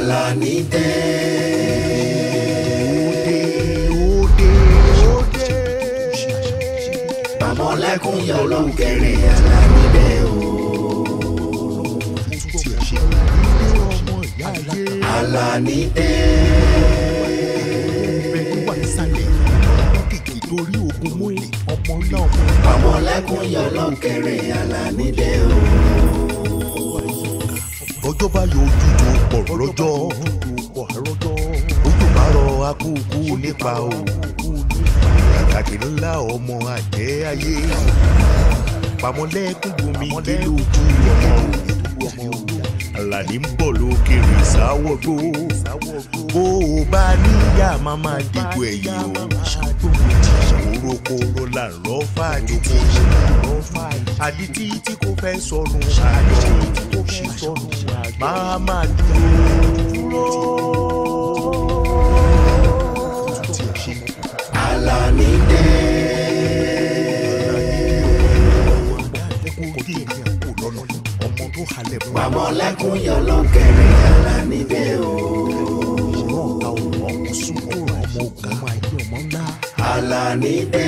Alani dé. Ọmọlẹ́kùn yà olókèrè Alani dé o. Alani dé. Torí ogun mú ọmọ náà. Ọmọlẹ́kùn yà olókèrè Alani dé o bọ́jọ́ bá yọ ojú tó pọ̀ lọ́jọ́ ojú bá rọ akókó nípa o kàkàkì ńlá ọmọ àjẹ́ ayé pamọ́lẹ́kùn gbomi dé lójú ọmọ òní ń bọ̀ lókèrè sáwọ́gbó bó o bá níyà má má dìbò ẹ̀yìn o olókooro la ń rọ́ fàájì kò ṣe rọ́ fàájì àdìtí tí kò fẹ́ sọnù àdìtí tí kò fẹ́ sọnù máa máa dúró dúró. Alani dé. Bàmọ́lẹ́kùn yọ lọ́kẹ̀rẹ̀ Alani dé o. àǹfààní dé.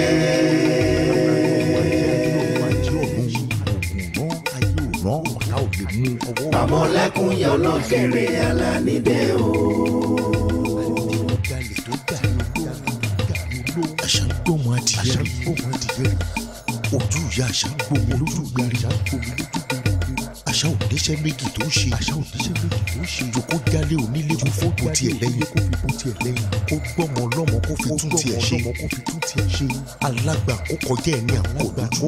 àmọ̀lẹ́kùn yọ lọ́kẹ̀rẹ̀ Àlàní dé o. aṣàgbọ́mọ adìyẹ rẹ̀ ojú ìyá aṣàgbọ́mọ lójú gbẹ̀rẹ̀ àṣà òníṣẹ́ méjì tó ṣe àṣà òníṣẹ́ méjì tó ṣe jòkó jálé onílé kó fóònù tiẹ̀ lẹ́yìn kó gbọ́mọ ọlọ́mọ kó fi tún tiẹ̀ ṣe ti ṣe alàgbà kó kọjá ẹni àpò lójú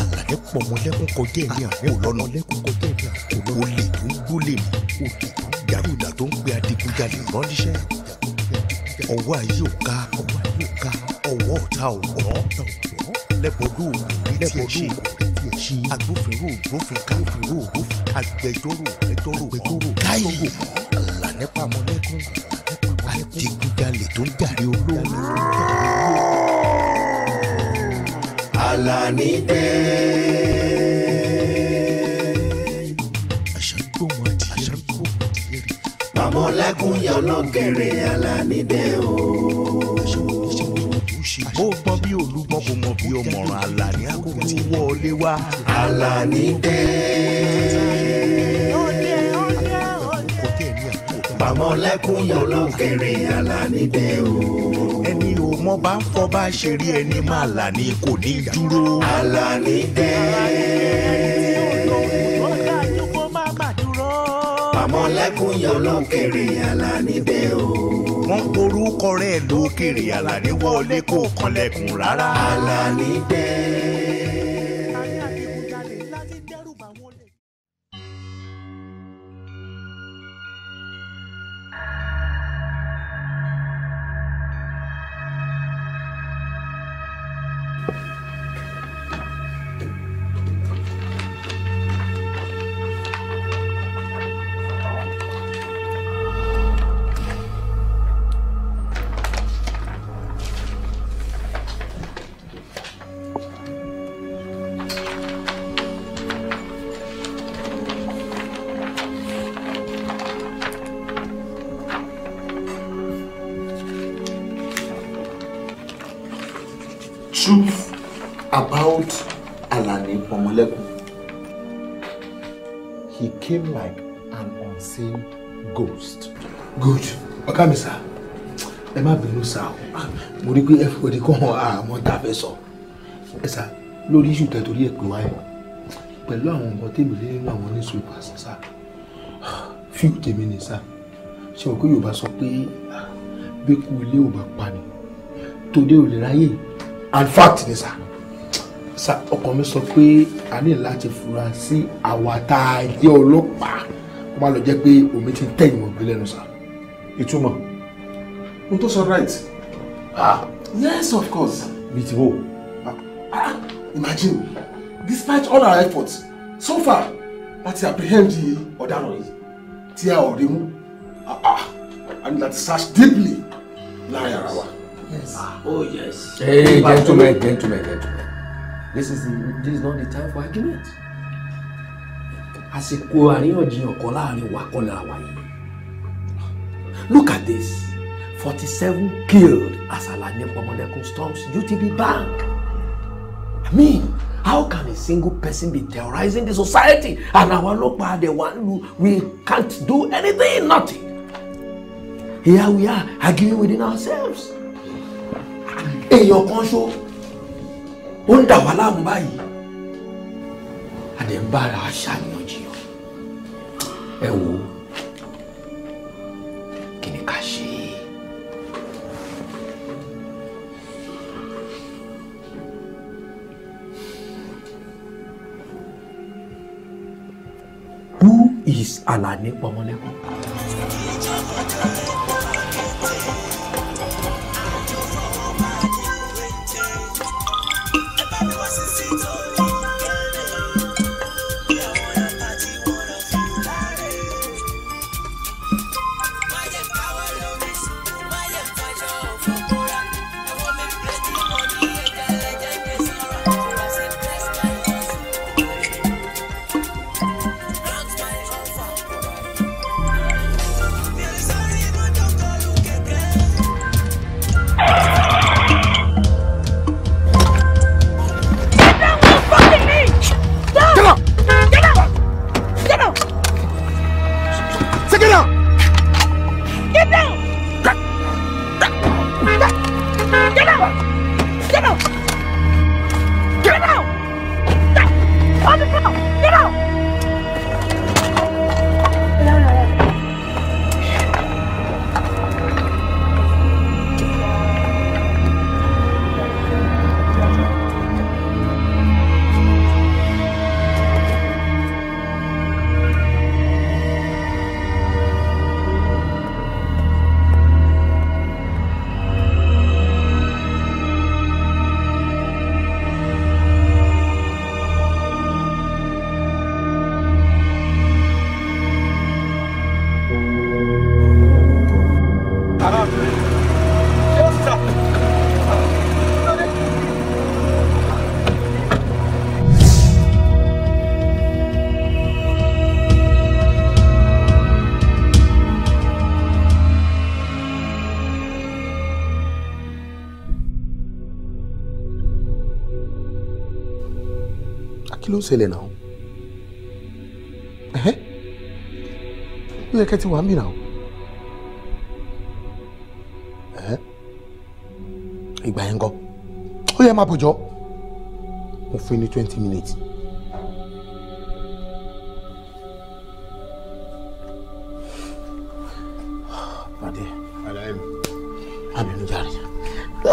alàyẹ pọmọlẹkùn kọjá ẹni àpò lọ́nà olè tó ń gbólè mọ yàgùdà tó ń gbé adigunjalè ránníṣẹ́ ọwọ́ ayé ò ká ọwọ́ ọ̀tá ọ̀wọ́ lẹ́bọ̀dọ̀ òògùn ní tiẹ̀ ṣe agbófinró ògbófin káfíńró ògbófin agbẹjọ́rò agbẹjọ́rò káyọ̀ ìdigunjalè tó ń jàre olóòlù. Alani dé. Pàmọ́lẹ́kùn yọ̀nà kẹrẹ Alani dé o. Ó gbọ́n bí olúgbọ́n kò mọ̀ bí ọmọràn Alani akókò wọlé wá. Alani dé. ọmọlẹ́kùn yọ lókèrè alánidé o. ẹni ò mọ bá ń fọ bá ṣe rí ẹni máa là ní kò ní dúró. alánidé. ọmọlẹ́kùn yọ lókèrè alánidé o. wọ́n porúkọ rẹ̀ lókèrè alánidé wọlé kò kànlẹ̀kùn rárá. alánidé. ọ̀gá mi sá ẹ má bínú sá o mo rí pé ẹ fòdì kàn án àmọ́ tá a fẹ́ sọ ẹ sá lórí iṣu tẹ̀ torí ẹ̀ pé wáyé pẹ̀lú àwọn nǹkan tèmi lé nínú àwọn oníṣòwò ìpàṣẹ sá fíù tèmi ni sá ṣe òkú yorùbá sọ pé ah, bí kú ilé ò bá pa ni tòde ò lè ráyè and fact ni sá sa ọkàn mi sọ pé a ní láti fura sí àwa tá a jẹ́ ọlọ́pàá kó má lọ jẹ́ pé omi ti tẹ̀yìn wọn lẹ́nu sáà ìtumọ̀ n tó right ah yes of course bí ti ah, ah imagine despite all our efforts so far that láti apprehend the yìí tí a ò rí ah ah and that search deeply láàrin Yes. wa. Yes. Ah. Oh yes. Hey, gentlemen, gentlemen, gentlemen. This is the, this is not the time for argument. Àsìkò àríyànjiyàn kan láàrin wa kola la wà wai. Look at this. 47 killed as a Alani Pomodekun storms UTB Bank. I mean, how can a single person be terrorizing the society and our local the one who we can't do anything, nothing? Here we are arguing within ourselves. In your control, under ń dà wá láàmú báyìí. Àdé ń bára aṣàníyàn jiyàn. Ẹ àṣé. Who is Alani Pamolekun? Ah, kí ló ń ṣẹlẹ̀ náà ẹ̀hẹ́ ló yẹ kẹ́ ti wà ń bì náà ẹ̀hẹ́ ìgbà yẹn ń gọ́ ó yẹ máa bọ̀jọ́ mo fún yín ní twenty minutes. pàdé àbínú jàre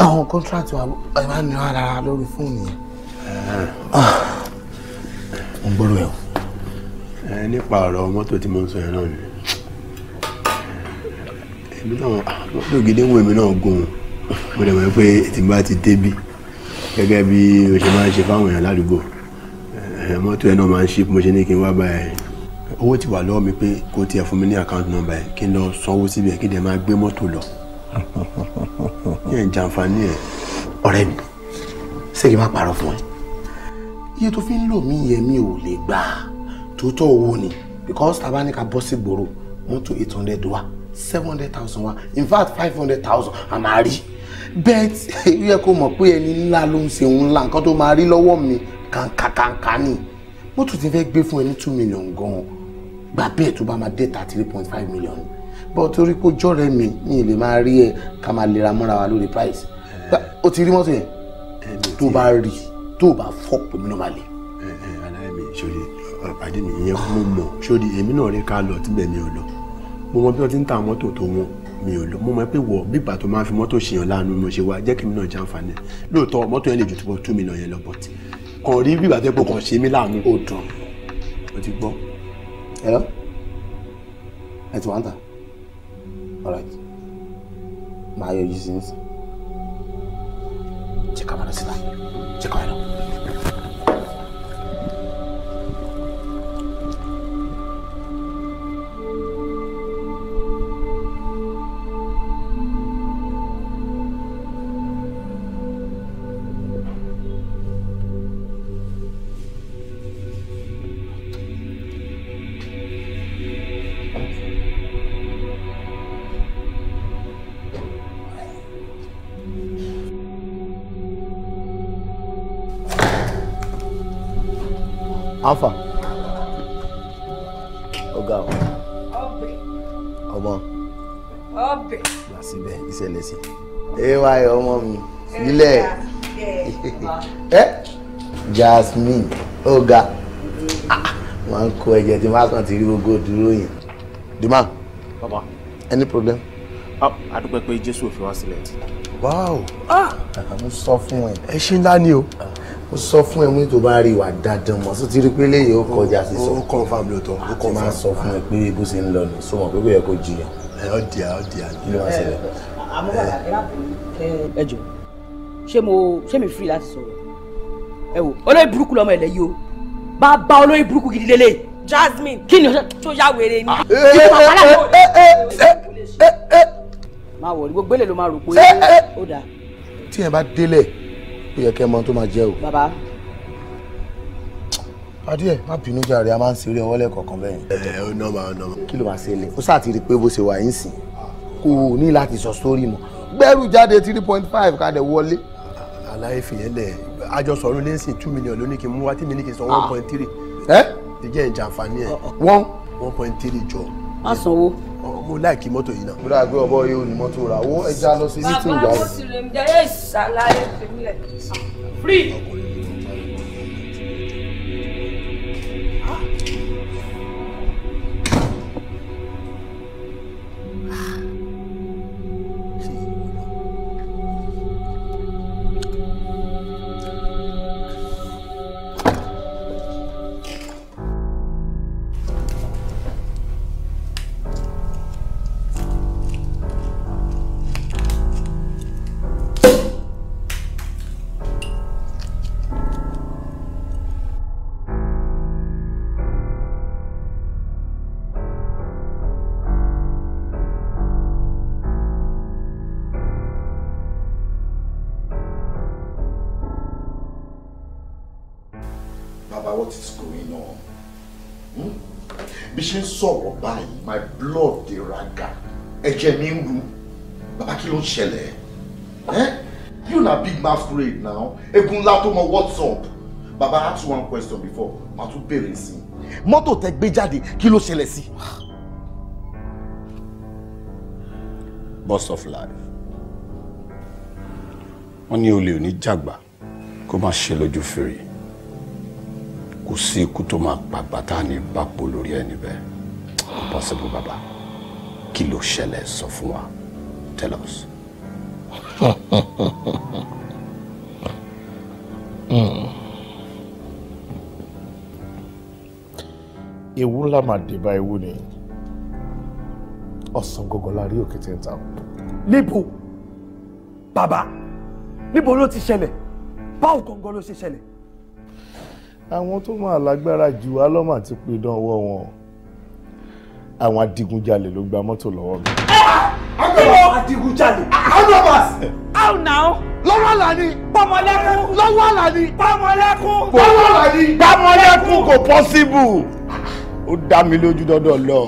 àwọn kọ́ńtrátì wa ẹ̀ máa ń ní ara lórí fóònù yẹn gbọ́rọ̀ ẹ̀ o. ẹ nípa ọ̀rọ̀ mọ́tò tí mo ń sọ yẹn náà ni èmi náà ah, mọ́tò gidi ń wo èmi náà gùn mo dẹ̀ mọ̀ pé tí n bá ti débi gẹ́gẹ́ bí o ṣe máa ń ṣe fáwọn èèyàn ládùúgbò eh, mọ́tò ẹ̀ náà máa ń ṣí mo ṣe ní kí n wá báyìí owó ti wà lọ́wọ́ mi pé kó tiẹ̀ fún mi ní àkáǹtì nọ́mbà ẹ̀ kí n lọ sanwó síbẹ̀ kí dẹ̀ máa gbé mọ́tò lọ yẹn jàǹfààní ẹ̀ ọ̀rẹ́ mi ṣé kí n má parọ́ fún ẹ iye tó fi ń lò mí yẹn mi ò lè gbà tòótọ́ owó ni because tá a bá ní ká bọ́ sí gbòòrò mọ́tò eight hundred wa seven hundred thousand wa in fact five hundred thousand a máa rí bẹ́ẹ̀ tí ó yẹ kó mọ̀ pé ẹni ńlá ló ń ṣe òun ńlá nǹkan tó máa rí lọ́wọ́ mi kàǹkàǹkà ni mọ́tò ti fẹ́ gbé fún ẹni two million gan-an gbà bẹ́ẹ̀ tó bá máa dé ta three point five million bọ́ torí pé jọ́rẹ́ mi mi lè máa rí ẹ ká máa lera mọ́ra wa lórí price o eh. ti rí mọ́tò yẹn eh, tó bá rí i tó o bá fọ́ omi náà máa lè. ẹ ẹ aláì mi sori ọ̀pàdé mi ìyẹn mo mọ̀ sori èmi náà rí ká lọ tíbẹ̀ mi ò lọ mo mọ bí wọ́n ti ń ta mọ́tò tó wọn mi ò lọ mo mọ pé wọ bíbà tó máa fi mọ́tò ṣèyàn láàánú mo ṣe wá jẹ́ kí mi náà jàǹfààní lóòótọ́ mọ́tò yẹn lè ju tó two million yẹn lọ bọ̀ tí kàn rí bíbà tó pọ̀ ṣe mí láàánú ó dùn mo ti gbọ́. ẹ lọ ẹ ti wá ń tà all right màá yọjú sí nísìnyí. Çıkamanızdan. Çıkayın. Eh, Jasmine Oga, ah, wọn ń kó ẹ̀jẹ̀ tí wọn kàn ti rí gbogbo dúró yẹn. dima baba any problem. Ah, a dúpẹ́ pé jésù ò fi wá sílẹ̀. wow ah, mo sọ fún ẹ. ẹ ṣe ńlá ni o ó sọ fún ẹ mú tó bá rí wà dandan mọ sóti rí pé léyìí ó kọjá sí sọ ó kọ fáwọn lóòótọ́ ó kọ fáwọn máa sọ fún ẹ pé bó ṣe ń lọ nù sọmọ pé bóyá kò jiyàn. ẹ ọ di à ọ di à kí ló máa ṣẹlẹ̀. ẹ jọ ṣé mo ṣé mi free láti sọ̀rọ̀ ẹ wò olóyè burúkú lọmọ ẹ lẹ́yìn o bá bá olóyè burúkú gidi lélẹ̀. Jasmine kí ni tó yá wèrè ni. máa wọ̀ ní gbogbo èlé ló máa rò pé eh, eh. ó dáa. tí yẹn bá délẹ̀ ó yẹ kẹ́ ẹ mọ tó máa jẹ́ o. bàbá. adíẹ má bínú jàre a máa ń ṣeré ọwọ́ lẹ́ẹ̀kọ̀ọ̀kan bẹ́ẹ̀. ẹ ọ nọ́ọ̀mà ọ nọ́ọ̀mà. kí ló máa ṣe lè ó sáà ti rí pé bó ṣe wà yín sìn kó o ní láti sọ sórí mọ́ gbẹ́rù jáde three point five ká dẹ̀ wọlé. aláìfiyẹ́lẹ̀ àjọsọ̀rọ̀ ní sìn two million lónìí kí n mú wá tí mi ní kí n san ah. one point three. ẹ ìjẹ́ ìjàǹfààní ẹ̀ one oh, oh. one point three jọ. má sanwó. mo láìkí mọ́tò yìí náà. mo dà gbé ọbọ yìí ò ní mọ́tò rà owó ẹja lọ sí mítìngì báyìí. bàbá mo sì lè jẹ́ ẹ̀ ṣàlàyé tèmi ah, free. ṣẹlẹ̀ eh? you na big masquerade now egun ńlá tó mọ what's up baba ask one question before ma tún béèrè sí i mọ́tò tẹ gbé jáde kí ló ṣẹlẹ̀ sí. boss of life wọ́n ní olè ò ní jàgbá kó má ṣe lójú fèrè kò sí ikú tó máa pa bàtà ní bàpò lórí ẹni bẹ́ẹ̀ possible baba kí ló ṣẹlẹ̀ sọ fún wa tell us. ewu ńlá máa dé bá ewu ni ọ̀sán gọ́gọ́ la rí òkè tí ń ta. níbo bàbá níbo ló ti ṣẹlẹ̀ báwo gangan ló ṣe ṣẹlẹ̀. àwọn tó máa lágbára jù wá lọ́mọ àti pidán ọwọ́ wọn àwọn adigunjalè ló gba mọ́tò lọ́wọ́ mi. adigunjalè hundred bars. how now. lọ́wọ́ àlàní. pọ́mọlẹ́kún. lọ́wọ́ àlàní. pọ́mọlẹ́kún. lọ́wọ́ àlàní. pọ́mọlẹ́kún kò possible. ó dá mi lójú dọ́dọ̀ lọ.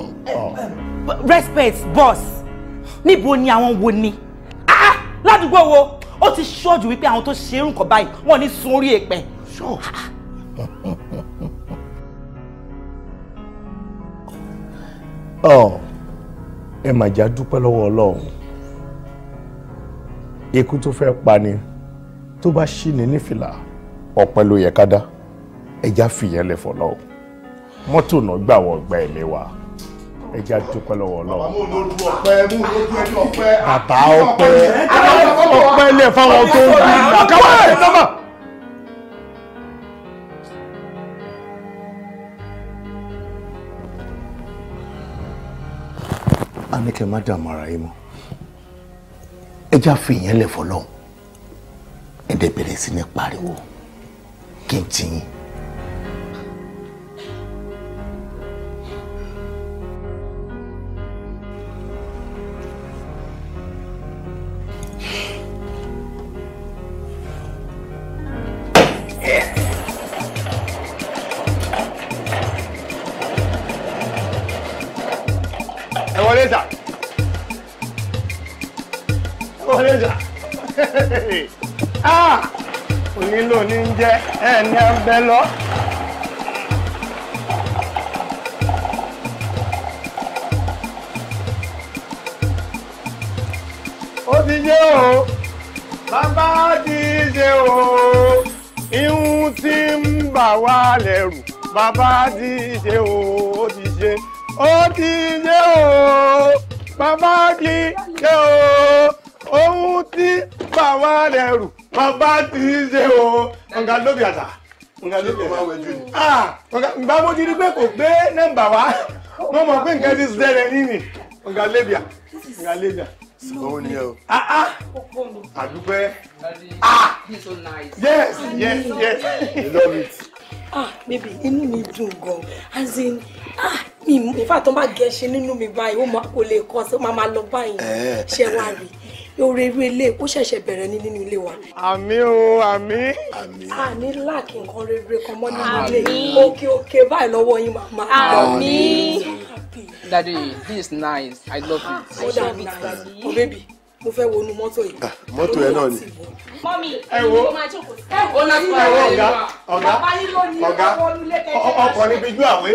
respect boss níbo ni àwọn wo ni ah, ah, ládùúgbò wo ó ti ṣọ́ọ̀jù wípé àwọn tó ṣe irun kan báyìí wọ́n ní sun orí èèpẹ̀. Ah, oh, ẹ màjá dúpẹ́ lọ́wọ́ Ọlọ́run ikú tó fẹ́ pa ni tó bá ṣì ní nífìlà ọ̀pẹ ló yẹ ká dá ẹja fìyẹn lẹ̀ fọ̀ lọ́wọ́ mọ́tò náà gbà wọ́n gba ẹ̀mí wa ẹja dúpẹ́ lọ́wọ́ lọ́wọ́. bàbá ọpẹ ọpẹ lẹ fáwọn tó ń bí làkàwé. a ní kẹ́ má dààmú ara yín mọ́ ẹja fi ìyẹn lẹ̀ fọlọ́hún ẹ̀dẹ̀ bẹ̀rẹ̀ sí ní pariwo kí n ti yín. bẹ́ẹ̀ ni à lọ. ó ti yé o bàbá ti ṣe o ihun tí ń bà wá lẹ́rù bàbá ti ṣe o ó ti ṣe ó ti ṣe o bàbá ti ṣe o ohun tí bà wá lẹ́rù bàbá tí ń ṣe o ọ̀gá lóbi àtà ọ̀gá lóbi àtà ǹgbà mo ti rí pé kò gbé nọ́mbà wá mo mọ̀ pé nǹkan ti ṣẹlẹ̀ nínú ọ̀gá lóbi à ọ̀gá lóbi à. òun ni o. Ah, ah. àdúpẹ́. Ah. yes yes yes. you love it. ah baby inú mi dùn gan as in ah mi ìfàtàn bá gẹ̀ ṣe nínú mi báyìí ó máa kò lè kọ́ sí ó máa máa lọ báyìí eh. ṣé wàá rí i oore irú ilé ó ṣẹ̀ṣẹ̀ bẹ̀rẹ̀ ní nínú ilé wa. àmín o àmín. àní láàkì nǹkan rere kan mọ́ nínú ilé òkè òkè báyìí lọ́wọ́ yín màmá. àmín. daddy this is nice i love it. ó dà mí daddy. o baby mo fẹ́ wọnú mọ́tò yìí. Ah, mọ́tò ẹ náà ni. mọ́mí ẹ wo ẹ wo ọ̀gá ọ̀gá ọ̀gá ọkọ̀ ni bíjú àwé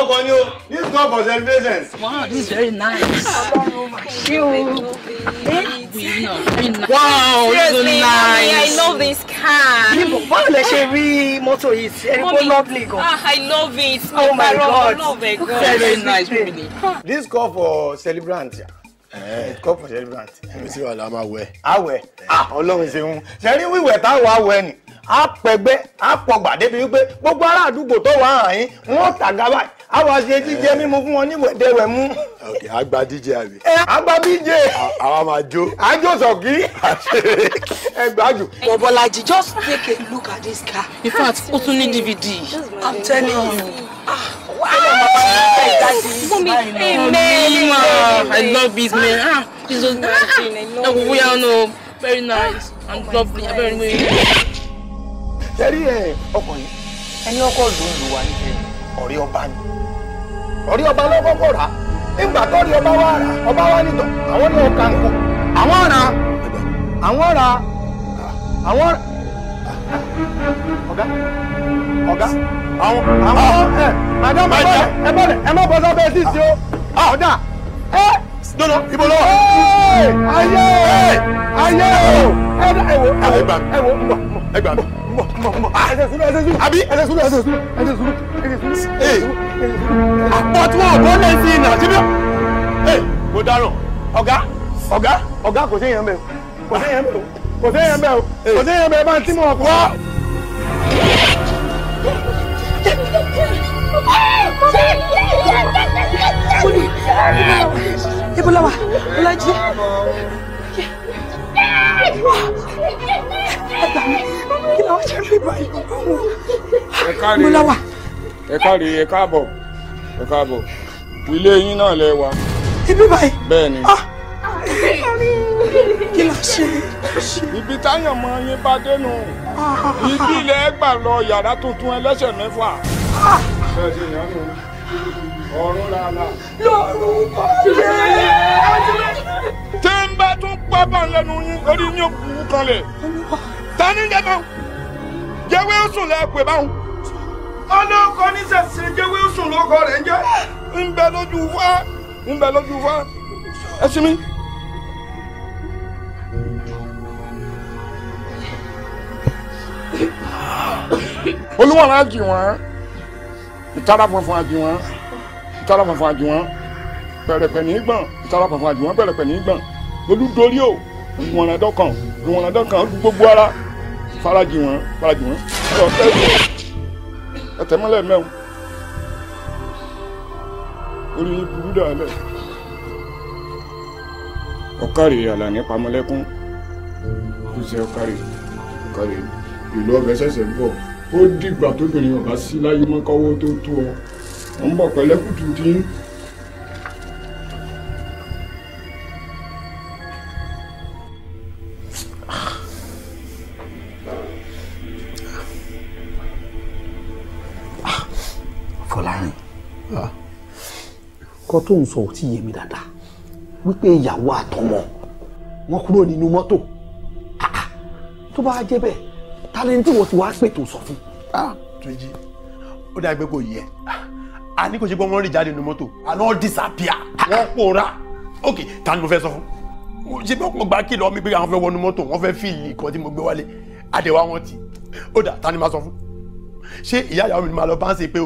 ọkọ̀ ni o this is not for celebrations. wow this is very nice. ṣé o wow this is nice I love this car. bimbo báwo lẹ ṣe rí mọ́tò yìí sí ẹni lovely gan. ah I love it. oh my god god very nice really. this call for celebrant. Eh. It's called for celebrant. Èmi sì wà láwọn máa wẹ̀. Àwẹ̀. Ah Ọlọ́run ṣeun. Ṣé rí wíwẹ̀ táwọn àwẹ̀ ni? á pẹgbẹ́ á pọgbà débi wípé gbogbo ará àdúgbò tó wà hàn yín wọ́n tàgá báyìí á wá ṣe jíjẹ mímu fún wọn ní wẹ̀dẹ̀wẹ̀ mú. ok àgbà díje àbí. ẹ díje. àwa máa jó. àjò sọ̀kí. ẹ gbájú. bọ̀bọ̀lájì just take a look at this car. in fact ó tún ní dvd. i'm telling you. Oh. Ah. amen. I love this man. Ah, he's so nice. very nice and oh lovely. Very tẹ́rí ẹ̀ ọkọ̀ yìí ẹni ọkọ̀ ló ń lò wá níbẹ̀ ọ̀rẹ́ ọba ni ọ̀rẹ́ ọba lọ́kọ́ rà nígbà tó ọba wá rà ọba wá nìtọ̀ àwọn náà ka nǹkan àwọn rà àwọn rà àwọn ọ̀gá ọ̀gá àwọn àwọn ẹ̀ madam ẹ ẹ bọ́lẹ̀ ẹ má bọ́ sábẹ́ sì sí o ah. ọ̀dà ẹ. dọ́nà ibo lọ. ayé ayé o ẹ wo ẹ wo ẹ gbà mí bọ̀ bọ̀ bọ̀ ah, ẹsẹ̀ sùúrù ẹsẹ̀ sùúrù àbí ẹsẹ̀ sùúrù ẹsẹ̀ sùúrù ẹsẹ̀ sùúrù ẹsẹ̀ sùúrù ẹsẹ̀ sùúrù. àpò tí wọn ò tó lé sí iná síbí. mo dáràn ọ̀gá ọ̀gá ọ̀gá kò sí èèyàn bẹ́ẹ̀ kò sí èèyàn bẹ́ẹ̀ kò sí èèyàn bẹ́ẹ̀ kò sí èèyàn bẹ́ẹ̀ bá ń tí mọ̀ ọ̀pọ̀. ibo la wà ọlájí. ẹ gbà mí kí làwọn ṣe fi bá yìí bá wọn. ẹ káre ẹ káre ẹ káàbọ̀ ẹ káàbọ̀ ilé yín náà lẹ wá. ibi báyìí. bẹ́ẹ̀ ni. Ah! kí la ṣe. ibi táyọ̀ mọ yín bá dénú. ibi ilẹ̀ ẹgbà lọ yàrá tuntun ẹlẹ́sẹ̀ mẹ́fà. bẹ́ẹ̀ ti yàn nù ọ̀run làlà. lọ́rùn bá tún pápá lẹ́nu yín orí yín kú kanlẹ̀. tani dẹ́gbẹ́ jẹ́wé sùn lẹ́ pè báwọn. ọlọ́kọ nísẹ̀sẹ̀ jẹ́wé sùn lọ́kọ rẹ̀ ń jẹ́. ń bẹ lójú wá ń bẹ lójú wá ẹ sinmi. olúwọ̀n á jì wọ́n ìtara funfun á jì wọ́n ìtara funfun á jì wọ́n pẹ̀rẹ̀pẹ̀ ní gbọ̀n ìtara funfun á jì wọ́n pẹ̀rẹ̀pẹ̀ ní gbọ̀n olúdorí o ìwọ̀n àdọ́kàn ìwọ̀n àdọ́kàn gbogbo ara farajì wọn farajì wọn ẹtẹmọlẹ mẹwọn orí yín burú dàálẹ. ọ̀kàrì àlàní pamọ́lẹ́kún kò sẹ́ ọ̀kàrì ọ̀kàrì ìlú ọbẹ̀ ṣẹ̀ṣẹ̀ bọ̀ ó dìgbà tóbìnrin ọ̀bá sí láyé mọ́kọ́wọ́ tó tó ọ ń bọ̀ pẹ̀lẹ́kùtù tí ń. kọ́ tó ń sọ ò tí yé mi dáadáa wípé ìyàwó àtọmọ wọn kúrò nínú mọ́tò ah, tó bá jẹ́ bẹ́ẹ̀ ta lẹni tí wọ́n ti wáá pètò sọ fún. Ah, Túnjí ó dàgbé kò yẹ a ní kò ṣe pé wọ́n rìn jáde nínú mọ́tò àná disapia wọ́n pòórá ok ta ni mo fẹ́ sọ fún ṣe bí gba kìlọ̀ mi pé àwọn fẹ́ wọnú mọ́tò wọ́n fẹ́ fìlì kan tí mo gbé wálé àdéhùn àwọn tì ó dà ta ni ma sọ fún ṣé ìyá ìyàwó mi ni màá lọ bá ń ṣe pé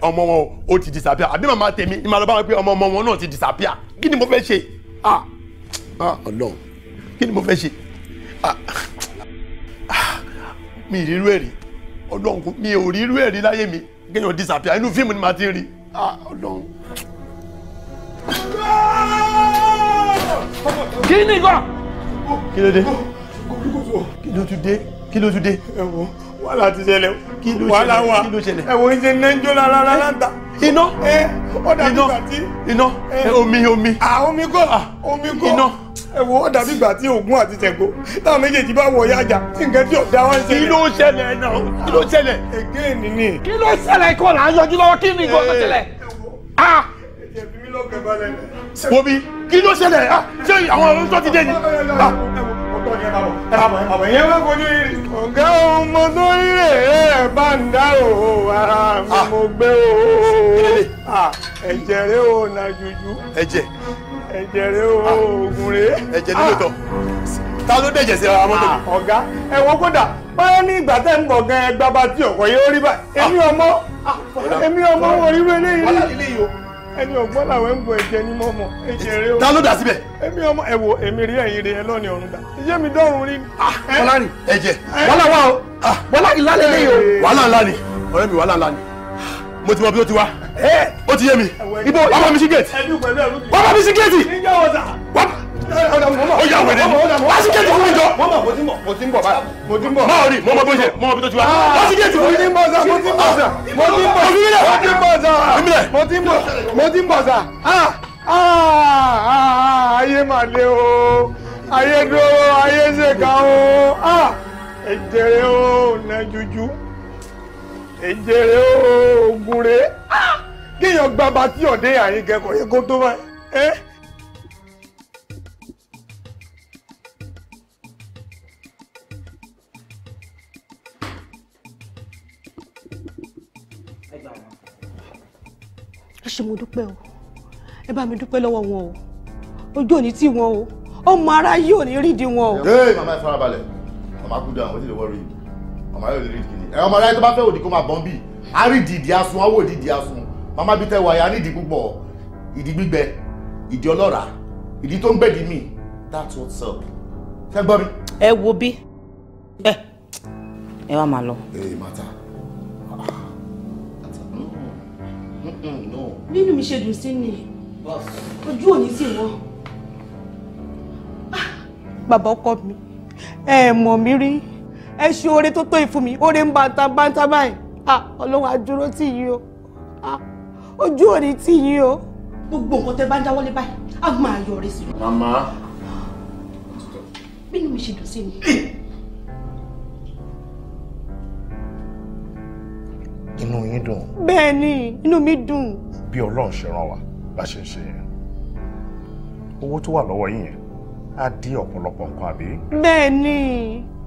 ọmọ wọn ó ti disappear àbí màmá tèmi ni màá lọ bá wọn pé ọmọ ọmọ wọn náà ti disappear kí ni mo fẹ́ ṣe ah ah Ọlọ́run kí ni mo fẹ́ ṣe ah mi ì rírú ẹ̀rí Ọlọ́run kò mi ò rírú ẹ̀rí láyé mi kéèyàn disappear inú fíìmù ni màá ti rí ah Ọlọ́run. kí ni nǹkan. kí ló dé kí ló tún dé kí ló tún dé. ẹ̀wọ̀n wàhálà ti ṣẹlẹ̀ wàhálà wà ẹ̀wọ̀n ń ṣe nẹ́ńjọ́ lára rárá ń ta. iná iná iná omi omi. omi kọ́ omi kọ́ iná ẹ̀wọ̀n ó dàbí ìgbà tí Ògún àti Ṣàngó táwọn méjèèjì bá wọ̀ ya àjà tí nǹkan tí ọ̀dà wọn ṣẹlẹ̀. kí ló ṣẹlẹ̀ náà kí ló ṣẹlẹ̀. again ni. kí ló ṣẹlẹ̀ kọ́ là ń yọjú lọ́wọ́ kí ni ìgbọ́ ṣẹlẹ̀. wo bi kí ló ṣẹlẹ̀ ṣé àwọn ọ̀rọ̀ tó ti dé ni tọ́ ọmọ tó ń lè rẹ̀ bá ń dá òwò ara mi ah. mo gbé o. Ah, ẹ̀jẹ̀ rẹ o na juju. ẹ̀jẹ̀. ẹ̀jẹ̀ rẹ o oògùn ah. rẹ. ẹ̀jẹ̀ nílò tọ̀ ta ló dẹ̀jẹ̀ sí ara mọ́tò. ọ̀gá ẹ wọ́n kódà báyọ̀ ní ìgbà tẹ̀ ń bọ̀ gan ẹgbàá bá ti ọ̀kọ̀ yóò rí báyìí. èmi ọmọ èmi ọmọ wọn wẹ́lẹ́ yìí ẹni ọgbọ́n làwọn ń bọ ẹ̀jẹ̀ ní mọ́mọ́ ẹ̀jẹ̀ rẹ o. ta ló dà síbẹ̀. èmi ọmọ ẹ wo èmi rí ẹ̀yin rẹ ẹ lọ́ọ̀ni ọ̀run dà iye mi dọ́run rí. bọ́lá ni ah, ẹ̀jẹ̀ wàhálà wà o bọ́lá ah. ni lálẹ́ lẹ́yìn o. wàhálà ńlá ni ọ̀rẹ́ mi wàhálà ńlá ni mo ti mọ bí ó ti wá ó ti yé mi ibo wàá bá mi sí géètì wàá mi sí géètì ó yà wẹ̀rẹ̀ ni wá sí kéèjì fún mi jọ. mo ti ń bọ̀ báyìí mo ti ń bọ̀. máa rí mo mọ bó ṣe mo mọ bí tó ti wá. wá sí kéèjì fún mi. mo ti ń bọ̀ sá mo ti ń bọ̀ sá mo ti ń bọ̀ sá mo ti ń bọ̀ sá mo ti ń bọ̀ sá. ayé mà le o ayé dúró ayé ṣèkà o èjèrè o nàjújú èjèrè o ògùnrè kéèyàn gbàgbà tí ọ̀dẹ́ àyíkẹ́kọ̀ọ́ yẹ kó tó báyìí. ẹ ṣé mo dúpẹ́ o ẹ bá mi dúpẹ́ lọ́wọ́ wọn o ojú òní tí wọn o ọmọ ara yìí ò ní rídìí wọn o. ee màmá ẹ farabalẹ̀ màmá kú dáhùn ó ti lè wọ́ọ̀rì màmá yóò lè rídìí kìíní ẹ ọmọ aráyé tó bá fẹ́ òdì kó máa bọ́n bì á rí dìdì asun á wò dìdì asun màmá bíi tẹ́wọ̀ ayé á ní ìdí púpọ̀ ìdí gbígbẹ ìdí ọlọ́ra ìdí tó ń gbẹ̀dí mi that's what's up fẹ́ gbọ́ mi. ẹ wo bí ẹ ẹ wá máa lọ. ee mata. nínú mi ṣe dùn sí ni ojú òní sì wọ́n. Ah, bàbá ọkọ mi ẹ mọ̀ mí rí ẹ ṣe oore tó tó ìfún mi oore ń bàtà bàtà báyìí ah, ọlọ́run àdúró tì yín o ah, ojú òní tì yín o. gbogbo nǹkan tẹ bá ń dáwọ́lé báyìí a máa yọrí sí i. màmá. bínú mi ṣe dùn sí ni. inú yín dùn. bẹ́ẹ̀ ni inú mi dùn. bí ọlọ́run ṣe ràn wá bá ṣe ń ṣe yẹn owó tó wà lọ́wọ́ yín yẹn á dí ọ̀pọ̀lọpọ̀ nǹkan àbí. bẹ́ẹ̀ ni.